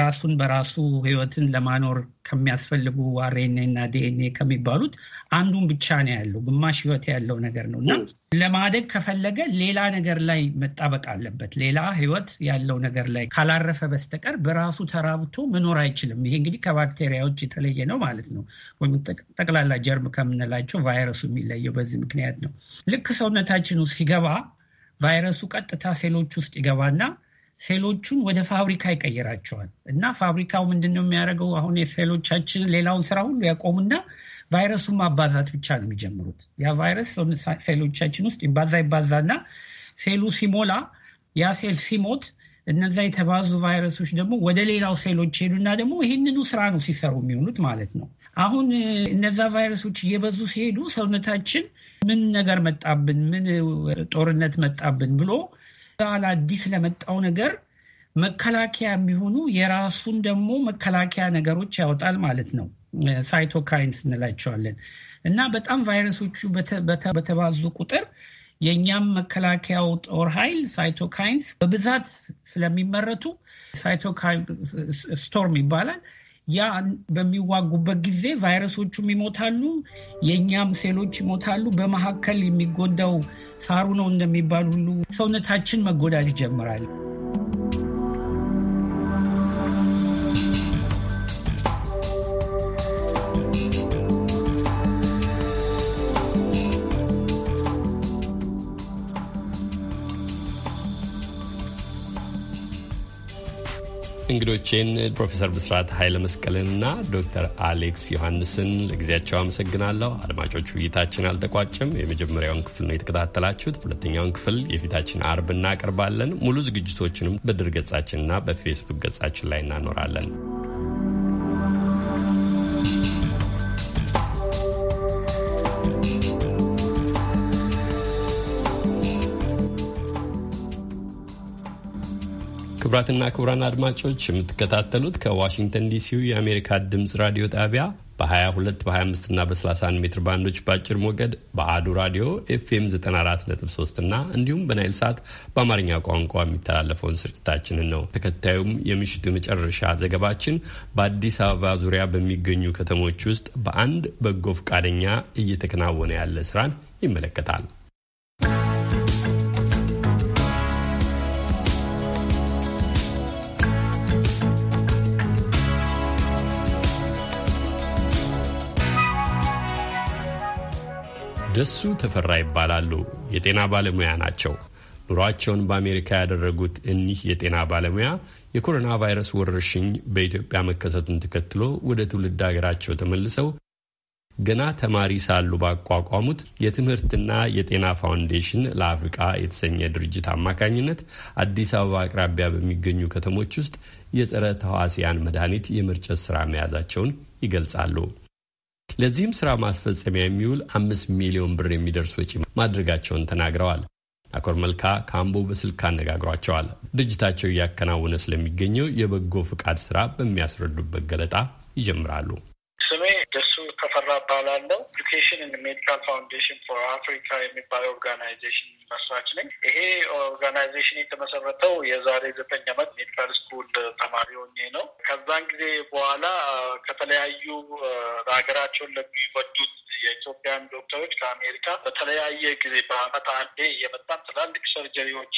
E: ራሱን በራሱ ህይወትን ለማኖር ከሚያስፈልጉ አርኤንኤ እና ዲኤንኤ ከሚባሉት አንዱን ብቻ ነው ያለው። ግማሽ ህይወት ያለው ነገር ነው እና ለማደግ ከፈለገ ሌላ ነገር ላይ መጣበቅ አለበት። ሌላ ህይወት ያለው ነገር ላይ ካላረፈ በስተቀር በራሱ ተራብቶ መኖር አይችልም። ይሄ እንግዲህ ከባክቴሪያዎች የተለየ ነው ማለት ነው። ወይም ጠቅላላ ጀርም ከምንላቸው ቫይረሱ የሚለየው በዚህ ምክንያት ነው። ልክ ሰውነታችን ውስጥ ሲገባ ቫይረሱ ቀጥታ ሴሎች ውስጥ ይገባና ሴሎቹን ወደ ፋብሪካ ይቀይራቸዋል እና ፋብሪካው ምንድን ነው የሚያደርገው? አሁን የሴሎቻችን ሌላውን ስራ ሁሉ ያቆሙና ቫይረሱን ማባዛት ብቻ ነው የሚጀምሩት። ያ ቫይረስ ሴሎቻችን ውስጥ ይባዛ ይባዛና ሴሉ ሲሞላ ያ ሴል ሲሞት እነዛ የተባዙ ቫይረሶች ደግሞ ወደ ሌላው ሴሎች ሄዱና ደግሞ ይህንኑ ስራ ነው ሲሰሩ የሚሆኑት ማለት ነው። አሁን እነዛ ቫይረሶች እየበዙ ሲሄዱ ሰውነታችን ምን ነገር መጣብን፣ ምን ጦርነት መጣብን ብሎ ዛል አዲስ ለመጣው ነገር መከላከያ የሚሆኑ የራሱን ደግሞ መከላከያ ነገሮች ያወጣል ማለት ነው። ሳይቶካይንስ እንላቸዋለን እና በጣም ቫይረሶቹ በተባዙ ቁጥር የእኛም መከላከያው ጦር ኃይል ሳይቶካይንስ በብዛት ስለሚመረቱ ሳይቶካይን ስቶርም ይባላል። ያ በሚዋጉበት ጊዜ ቫይረሶቹም ይሞታሉ፣ የእኛም ሴሎች ይሞታሉ። በመካከል የሚጎዳው ሳሩ ነው እንደሚባል ሁሉ ሰውነታችን መጎዳት ይጀምራል።
A: እንግዶቼን ፕሮፌሰር ብስራት ኃይለ መስቀልንና ዶክተር አሌክስ ዮሐንስን ለጊዜያቸው አመሰግናለሁ። አድማጮች ውይይታችን አልተቋጨም። የመጀመሪያውን ክፍል ነው የተከታተላችሁት። ሁለተኛውን ክፍል የፊታችን አርብ እናቀርባለን። ሙሉ ዝግጅቶችንም በድር ገጻችንና በፌስቡክ ገጻችን ላይ እናኖራለን። ክቡራትና ክቡራን አድማጮች የምትከታተሉት ከዋሽንግተን ዲሲው የአሜሪካ ድምፅ ራዲዮ ጣቢያ በ22 በ25 እና በ31 ሜትር ባንዶች በአጭር ሞገድ በአዱ ራዲዮ ኤፍኤም 94.3 እና እንዲሁም በናይል ሰዓት በአማርኛ ቋንቋ የሚተላለፈውን ስርጭታችንን ነው። ተከታዩም የምሽቱ የመጨረሻ ዘገባችን በአዲስ አበባ ዙሪያ በሚገኙ ከተሞች ውስጥ በአንድ በጎ ፈቃደኛ እየተከናወነ ያለ ስራን ይመለከታል። ደሱ ተፈራ ይባላሉ። የጤና ባለሙያ ናቸው። ኑሯቸውን በአሜሪካ ያደረጉት እኒህ የጤና ባለሙያ የኮሮና ቫይረስ ወረርሽኝ በኢትዮጵያ መከሰቱን ተከትሎ ወደ ትውልድ ሀገራቸው ተመልሰው ገና ተማሪ ሳሉ ባቋቋሙት የትምህርትና የጤና ፋውንዴሽን ለአፍሪቃ የተሰኘ ድርጅት አማካኝነት አዲስ አበባ አቅራቢያ በሚገኙ ከተሞች ውስጥ የጸረ ተዋሲያን መድኃኒት የመርጨት ስራ መያዛቸውን ይገልጻሉ። ለዚህም ስራ ማስፈጸሚያ የሚውል አምስት ሚሊዮን ብር የሚደርስ ወጪ ማድረጋቸውን ተናግረዋል። አኮር መልካ ከአምቦ በስልክ አነጋግሯቸዋል። ድርጅታቸው እያከናወነ ስለሚገኘው የበጎ ፍቃድ ስራ በሚያስረዱበት ገለጣ ይጀምራሉ።
H: እባላለሁ። ኤዱኬሽን እንድ ሜዲካል ፋውንዴሽን ፎር አፍሪካ የሚባለው ኦርጋናይዜሽን መስራች ነኝ። ይሄ ኦርጋናይዜሽን የተመሰረተው የዛሬ ዘጠኝ ዓመት ሜዲካል ስኩል ተማሪ ሆኜ ነው። ከዛን ጊዜ በኋላ
G: ከተለያዩ ሀገራቸውን ለሚወዱት የኢትዮጵያን ዶክተሮች ከአሜሪካ
H: በተለያየ ጊዜ በአመት አንዴ እየመጣን ትላልቅ ሰርጀሪዎች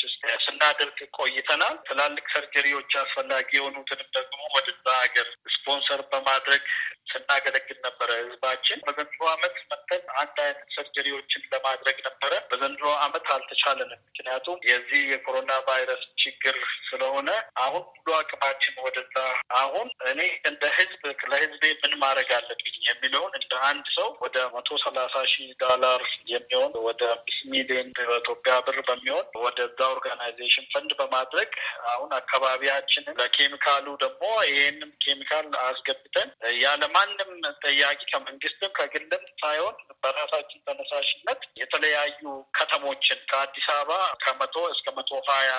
H: ስናደርግ ቆይተናል። ትላልቅ ሰርጀሪዎች አስፈላጊ የሆኑትንም ደግሞ ወደዛ ሀገር ስፖንሰር በማድረግ ስናገለግል ነበረ። ህዝባችን በዘንድሮ አመት መተን አንድ አይነት ሰርጀሪዎችን ለማድረግ ነበረ። በዘንድሮ አመት አልተቻለንም። ምክንያቱም የዚህ የኮሮና ቫይረስ ችግር ስለሆነ አሁን ሁሉ አቅማችን ወደዛ አሁን እኔ እንደ ህዝብ ለህዝቤ ምን ማድረግ አለብኝ የሚለውን እንደ አንድ ሰው ወደ መቶ ሰላሳ ሺህ ዶላር የሚሆን ወደ አምስት ሚሊዮን በኢትዮጵያ ብር በሚሆን ወደዛ ኦርጋናይዜሽን ፈንድ በማድረግ አሁን አካባቢያችንን ለኬሚካሉ ደግሞ ይሄንም ኬሚካል አስገብተን ያለማንም ጠያቂ ከመንግስትም ከግልም ሳይሆን በራሳችን ተነሳሽነት የተለያዩ ከተሞችን ከአዲስ አበባ ከመቶ እስከ መቶ ሀያ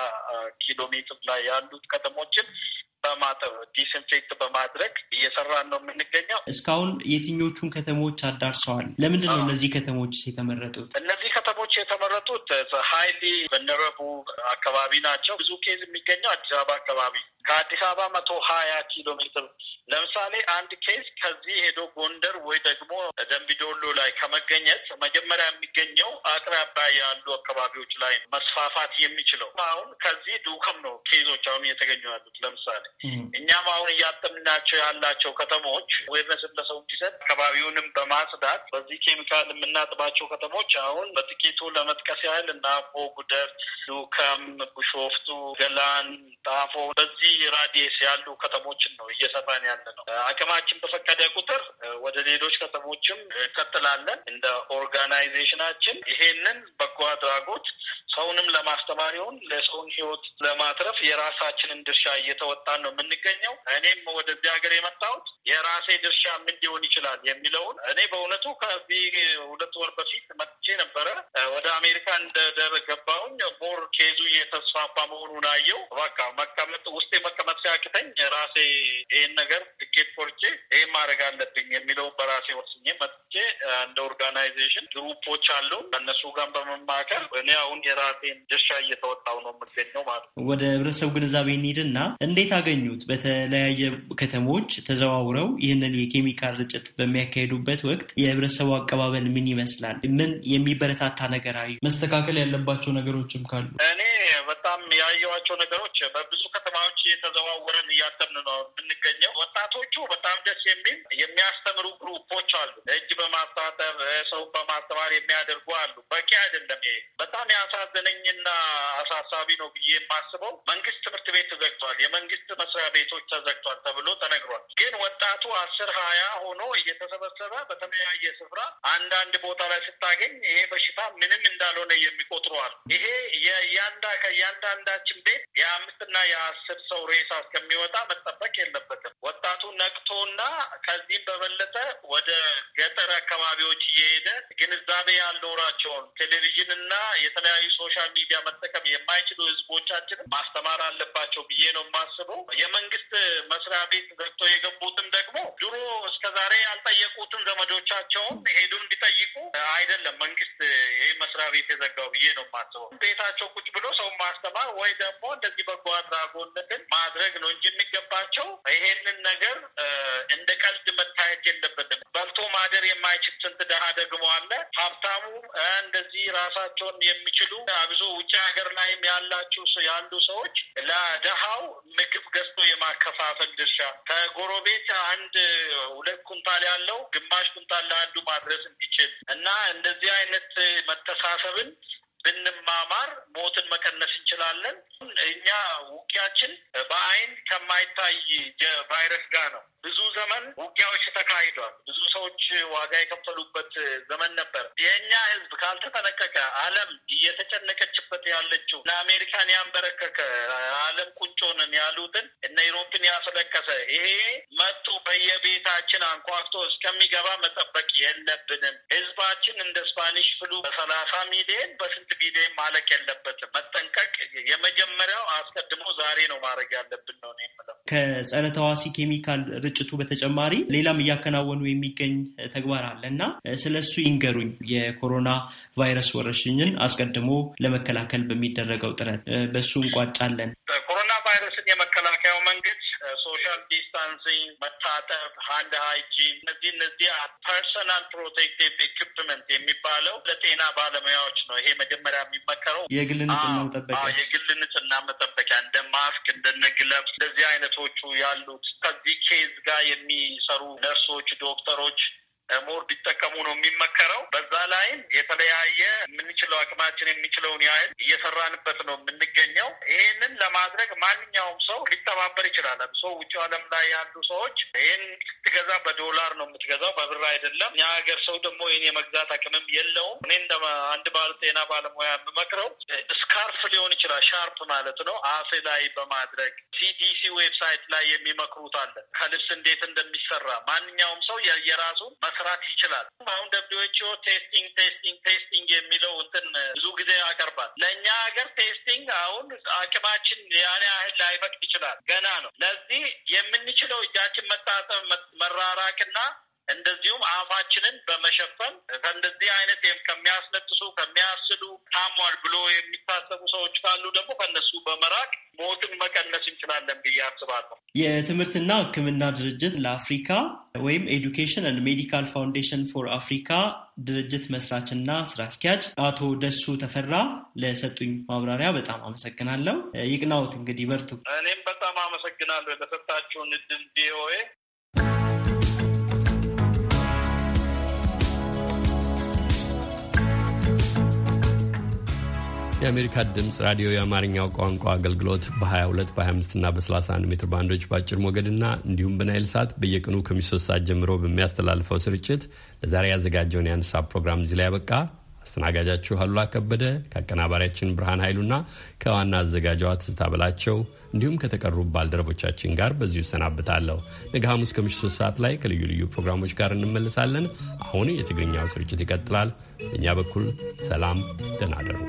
H: ኪሎ ሜትር ላይ ያሉት ከተሞችን በማጠብ
O: ዲስንፌክት በማድረግ እየሰራን ነው የምንገኘው። እስካሁን የትኞቹን ከተሞች አዳርሰዋል? ለምንድን ነው እነዚህ ከተሞች የተመረጡት? እነዚህ ከተሞች የተመረጡት ሀይሊ
H: በነረቡ አካባቢ ናቸው። ብዙ ኬዝ የሚገኘው አዲስ አበባ አካባቢ ከአዲስ አበባ መቶ ሀያ ኪሎ ሜትር ለምሳሌ አንድ ኬዝ ከዚህ ሄዶ ጎንደር ወይ ደግሞ ደምቢዶሎ ላይ ከመገኘት መጀመሪያ የሚገኘው አቅራቢያ ያሉ
F: አካባቢዎች ላይ መስፋፋት የሚችለው አሁን ከዚህ ዱከም ነው ኬዞች አሁን እየተገኙ ያሉት ለምሳሌ እኛም አሁን እያጠምናቸው ያላቸው ከተሞች ዌርነስ ለሰው እንዲሰጥ አካባቢውንም በማጽዳት
H: በዚህ ኬሚካል የምናጥባቸው ከተሞች አሁን በጥቂቱ ለመጥቀስ ያህል እና አምቦ፣ ጉደር፣ ዱከም፣ ቢሾፍቱ፣ ገላን፣ ጣፎ በዚህ ራዲየስ ያሉ ከተሞችን ነው እየሰራን ያለ ነው። አቅማችን በፈቀደ ቁጥር ወደ ሌሎች ከተሞችም እንቀጥላለን። እንደ ኦርጋናይዜሽናችን ይሄንን በጎ አድራጎት ሰውንም ለማስተማር ይሁን ለሰውን ህይወት ለማትረፍ የራሳችንን ድርሻ እየተወጣ እየሰራን ነው የምንገኘው። እኔም ወደዚህ ሀገር የመጣሁት የራሴ ድርሻ ምን ሊሆን ይችላል የሚለውን እኔ በእውነቱ ከዚህ ሁለት ወር በፊት መጥቼ ነበረ። ወደ አሜሪካ እንደደረ እንደገባሁኝ ሞር ኬዙ እየተስፋፋ መሆኑን አየው። በቃ መቀመጥ ውስጤ መቀመጥ ሲያቅተኝ
O: ራሴ ይህን ነገር ትኬት ቆርጬ ይህን ማድረግ አለብኝ የሚለውን በራሴ ወስኜ መጥቼ እንደ ኦርጋናይዜሽን ግሩፖች አሉ ከእነሱ ጋር በመማከር እኔ አሁን የራሴን ድርሻ እየተወጣው ነው የምገኘው ማለት ነው። ወደ ህብረተሰቡ ግንዛቤ እንሂድና እንዴት ያገኙት በተለያየ ከተሞች ተዘዋውረው ይህንን የኬሚካል ርጭት በሚያካሄዱበት ወቅት የህብረተሰቡ አቀባበል ምን ይመስላል? ምን የሚበረታታ ነገር አዩ? መስተካከል ያለባቸው ነገሮችም ካሉ እኔ በጣም ያየኋቸው ነገሮች በብዙ ከተማዎች እየተዘዋወረን
H: እያተምን ነው የምንገኘው። ወጣቶቹ በጣም ደስ የሚል የሚያስተምሩ ግሩፖች አሉ። እጅ በማስተባበር ሰው በማስተማር የሚያደርጉ አሉ። በቂ አይደለም። ይሄ በጣም ያሳዘነኝና አሳሳቢ ነው ብዬ የማስበው መንግስት ትምህርት ቤት ተዘግቷል። የመንግስት መስሪያ ቤቶች ተዘግቷል ተብሎ ተነግሯል። ግን ወጣቱ አስር ሀያ ሆኖ እየተሰበሰበ በተለያየ ስፍራ አንዳንድ ቦታ ላይ ስታገኝ ይሄ በሽታ ምንም እንዳልሆነ የሚቆጥረዋል። ይሄ የእያንዳ ከእያንዳንዳችን ቤት የአምስትና የአስር ሰው ሬሳ እስከሚወጣ መጠበቅ የለበትም። ወጣቱ ነቅቶና ከዚህም በበለጠ ወደ ገጠር አካባቢዎች እየሄደ ግንዛቤ ያልኖራቸውን ቴሌቪዥንና የተለያዩ ሶሻል ሚዲያ መጠቀም የማይችሉ ህዝቦቻችንን ማስተማር አለባቸው ብዬ ነው የማስበው። የመንግስት መስሪያ ቤት ገብቶ የገቡትም ደግሞ ድሮ እስከ ዛሬ ያልጠየቁትን ዘመዶቻቸውን ሄዱ እንዲጠይቁ አይደለም መንግስት ይህ መስሪያ ቤት የዘጋው ብዬ ነው የማስበው። ቤታቸው ቁጭ ብሎ ሰው ማስተማር ወይ ደግሞ እንደዚህ በጎ አድራጎነትን ማድረግ ነው እንጂ የሚገባቸው ይሄንን ነገር እንደ ቀልድ መታየት የለበትም። በልቶ ማደር የማይችል ስንት ደሃ ደግሞ አለ። ሀብታሙ እንደዚህ ራሳቸውን የሚችሉ ብዙ ውጭ ሀገር ላይም ያላችሁ ያሉ ሰዎች ለደሃው ምግብ ገዝቶ የማከፋፈል ድርሻ ከጎረቤት አንድ ሁለት ኩንታል ያለው ግማሽ ኩንታል ለአንዱ ማድረስ እንዲችል እና እንደዚህ አይነት መተሳሰብን ብንማማር ሞትን መቀነስ እንችላለን። እኛ ውጊያችን በአይን ከማይታይ ቫይረስ ጋር ነው። ብዙ ዘመን ውጊያዎች ተካሂዷል። ብዙ ሰዎች ዋጋ የከፈሉበት ዘመን ነበር። የእኛ ህዝብ ካልተጠነቀቀ ዓለም እየተጨነቀችበት ያለችው ለአሜሪካን ያንበረከከ ዓለም ቁንጮንን ያሉትን እነ ሮፕን ያስለቀሰ ይሄ መጡ በየቤታችን አንኳክቶ እስከሚገባ መጠበቅ የለብንም። ህዝባችን እንደ ስፓኒሽ ፍሉ በሰላሳ ሚሊየን በስንት ሚሊየን ማለቅ የለበትም። መጠንቀቅ የመጀመሪያው አስቀድሞ ዛሬ ነው ማድረግ ያለብን
O: ነው የምለው ከጸረ ተዋሲ ኬሚካል ስርጭቱ በተጨማሪ ሌላም እያከናወኑ የሚገኝ ተግባር አለ እና ስለ እሱ ይንገሩኝ። የኮሮና ቫይረስ ወረርሽኝን አስቀድሞ ለመከላከል በሚደረገው ጥረት በእሱ እንቋጫለን። ኮሮና
H: ቫይረስን የመከላከያው መንገድ ሶሻል ዲስታንሲንግ፣ መታጠብ፣ ሀንድ ሃይጂን እነዚህ እነዚህ ፐርሰናል ፕሮቴክቲቭ ኢኩፕመንት
O: የሚባለው ለጤና ባለሙያዎች ነው። ይሄ መጀመሪያ የሚመከረው የግል ንጽህና መጠበቂያ የግል ንጽህና መጠበቂያ እንደ ማስክ እንደነ ግለብስ እንደዚህ
H: አይነቶቹ ያሉት ከዚህ ኬዝ ጋር የሚሰሩ ነርሶች፣ ዶክተሮች ሞር ቢጠቀሙ ነው የሚመከረው። በዛ ላይም የተለያየ የምንችለው አቅማችን የሚችለውን ያህል እየሰራንበት ነው የምንገኘው። ይህንን ለማድረግ ማንኛውም ሰው ሊተባበር ይችላል። ሰው ውጭ ዓለም ላይ ያሉ ሰዎች ይህን ስትገዛ በዶላር ነው የምትገዛው፣ በብር አይደለም። እኛ ሀገር ሰው ደግሞ ይህን የመግዛት አቅምም የለውም። እኔ እንደ አንድ ባለ ጤና ባለሙያ የምመክረው ስካርፍ ሊሆን ይችላል፣ ሻርፕ ማለት ነው። አፌ ላይ በማድረግ ሲዲሲ ዌብሳይት ላይ የሚመክሩት አለ ከልብስ እንዴት እንደሚሰራ ማንኛውም ሰው የራሱን መስራት ይችላል። አሁን ደብሊውኤችኦ ቴስቲንግ ቴስቲንግ ቴስቲንግ የሚለው እንትን ብዙ ጊዜ ያቀርባል። ለእኛ ሀገር ቴስቲንግ አሁን አቅማችን ያን ያህል ላይፈቅድ ይችላል። ገና ነው። ለዚህ የምንችለው እጃችን መታጠብ፣ መራራቅና እንደዚሁም አፋችንን በመሸፈን ከእንደዚህ አይነት ከሚያስነጥሱ ከሚያስሉ ታሟል ብሎ የሚታሰቡ ሰዎች ካሉ ደግሞ ከነሱ በመራቅ ሞትን መቀነስ እንችላለን
O: ብዬ አስባለሁ። የትምህርትና ሕክምና ድርጅት ለአፍሪካ ወይም ኤዱኬሽን አንድ ሜዲካል ፋውንዴሽን ፎር አፍሪካ ድርጅት መስራችና ስራ አስኪያጅ አቶ ደሱ ተፈራ ለሰጡኝ ማብራሪያ በጣም አመሰግናለሁ። ይቅናውት እንግዲህ በርቱ። እኔም በጣም አመሰግናለሁ ለሰጣችሁን እድል ቪኦኤ
A: የአሜሪካ ድምፅ ራዲዮ የአማርኛው ቋንቋ አገልግሎት በ22 በ25 እና በ31 ሜትር ባንዶች በአጭር ሞገድና እንዲሁም በናይል ሳት በየቀኑ ከምሽቱ ሰዓት ጀምሮ በሚያስተላልፈው ስርጭት ለዛሬ ያዘጋጀውን የአንስሳ ፕሮግራም እዚህ ላይ ያበቃ። አስተናጋጃችሁ አሉላ ከበደ ከአቀናባሪያችን ብርሃን ኃይሉና ከዋና አዘጋጇ ትዝታ በላቸው እንዲሁም ከተቀሩ ባልደረቦቻችን ጋር በዚሁ እሰናብታለሁ። ነገ ሐሙስ ከምሽቱ ሶስት ሰዓት ላይ ከልዩ ልዩ ፕሮግራሞች ጋር እንመልሳለን። አሁን የትግርኛው ስርጭት ይቀጥላል። በእኛ በኩል ሰላም፣ ደህና እደሩ።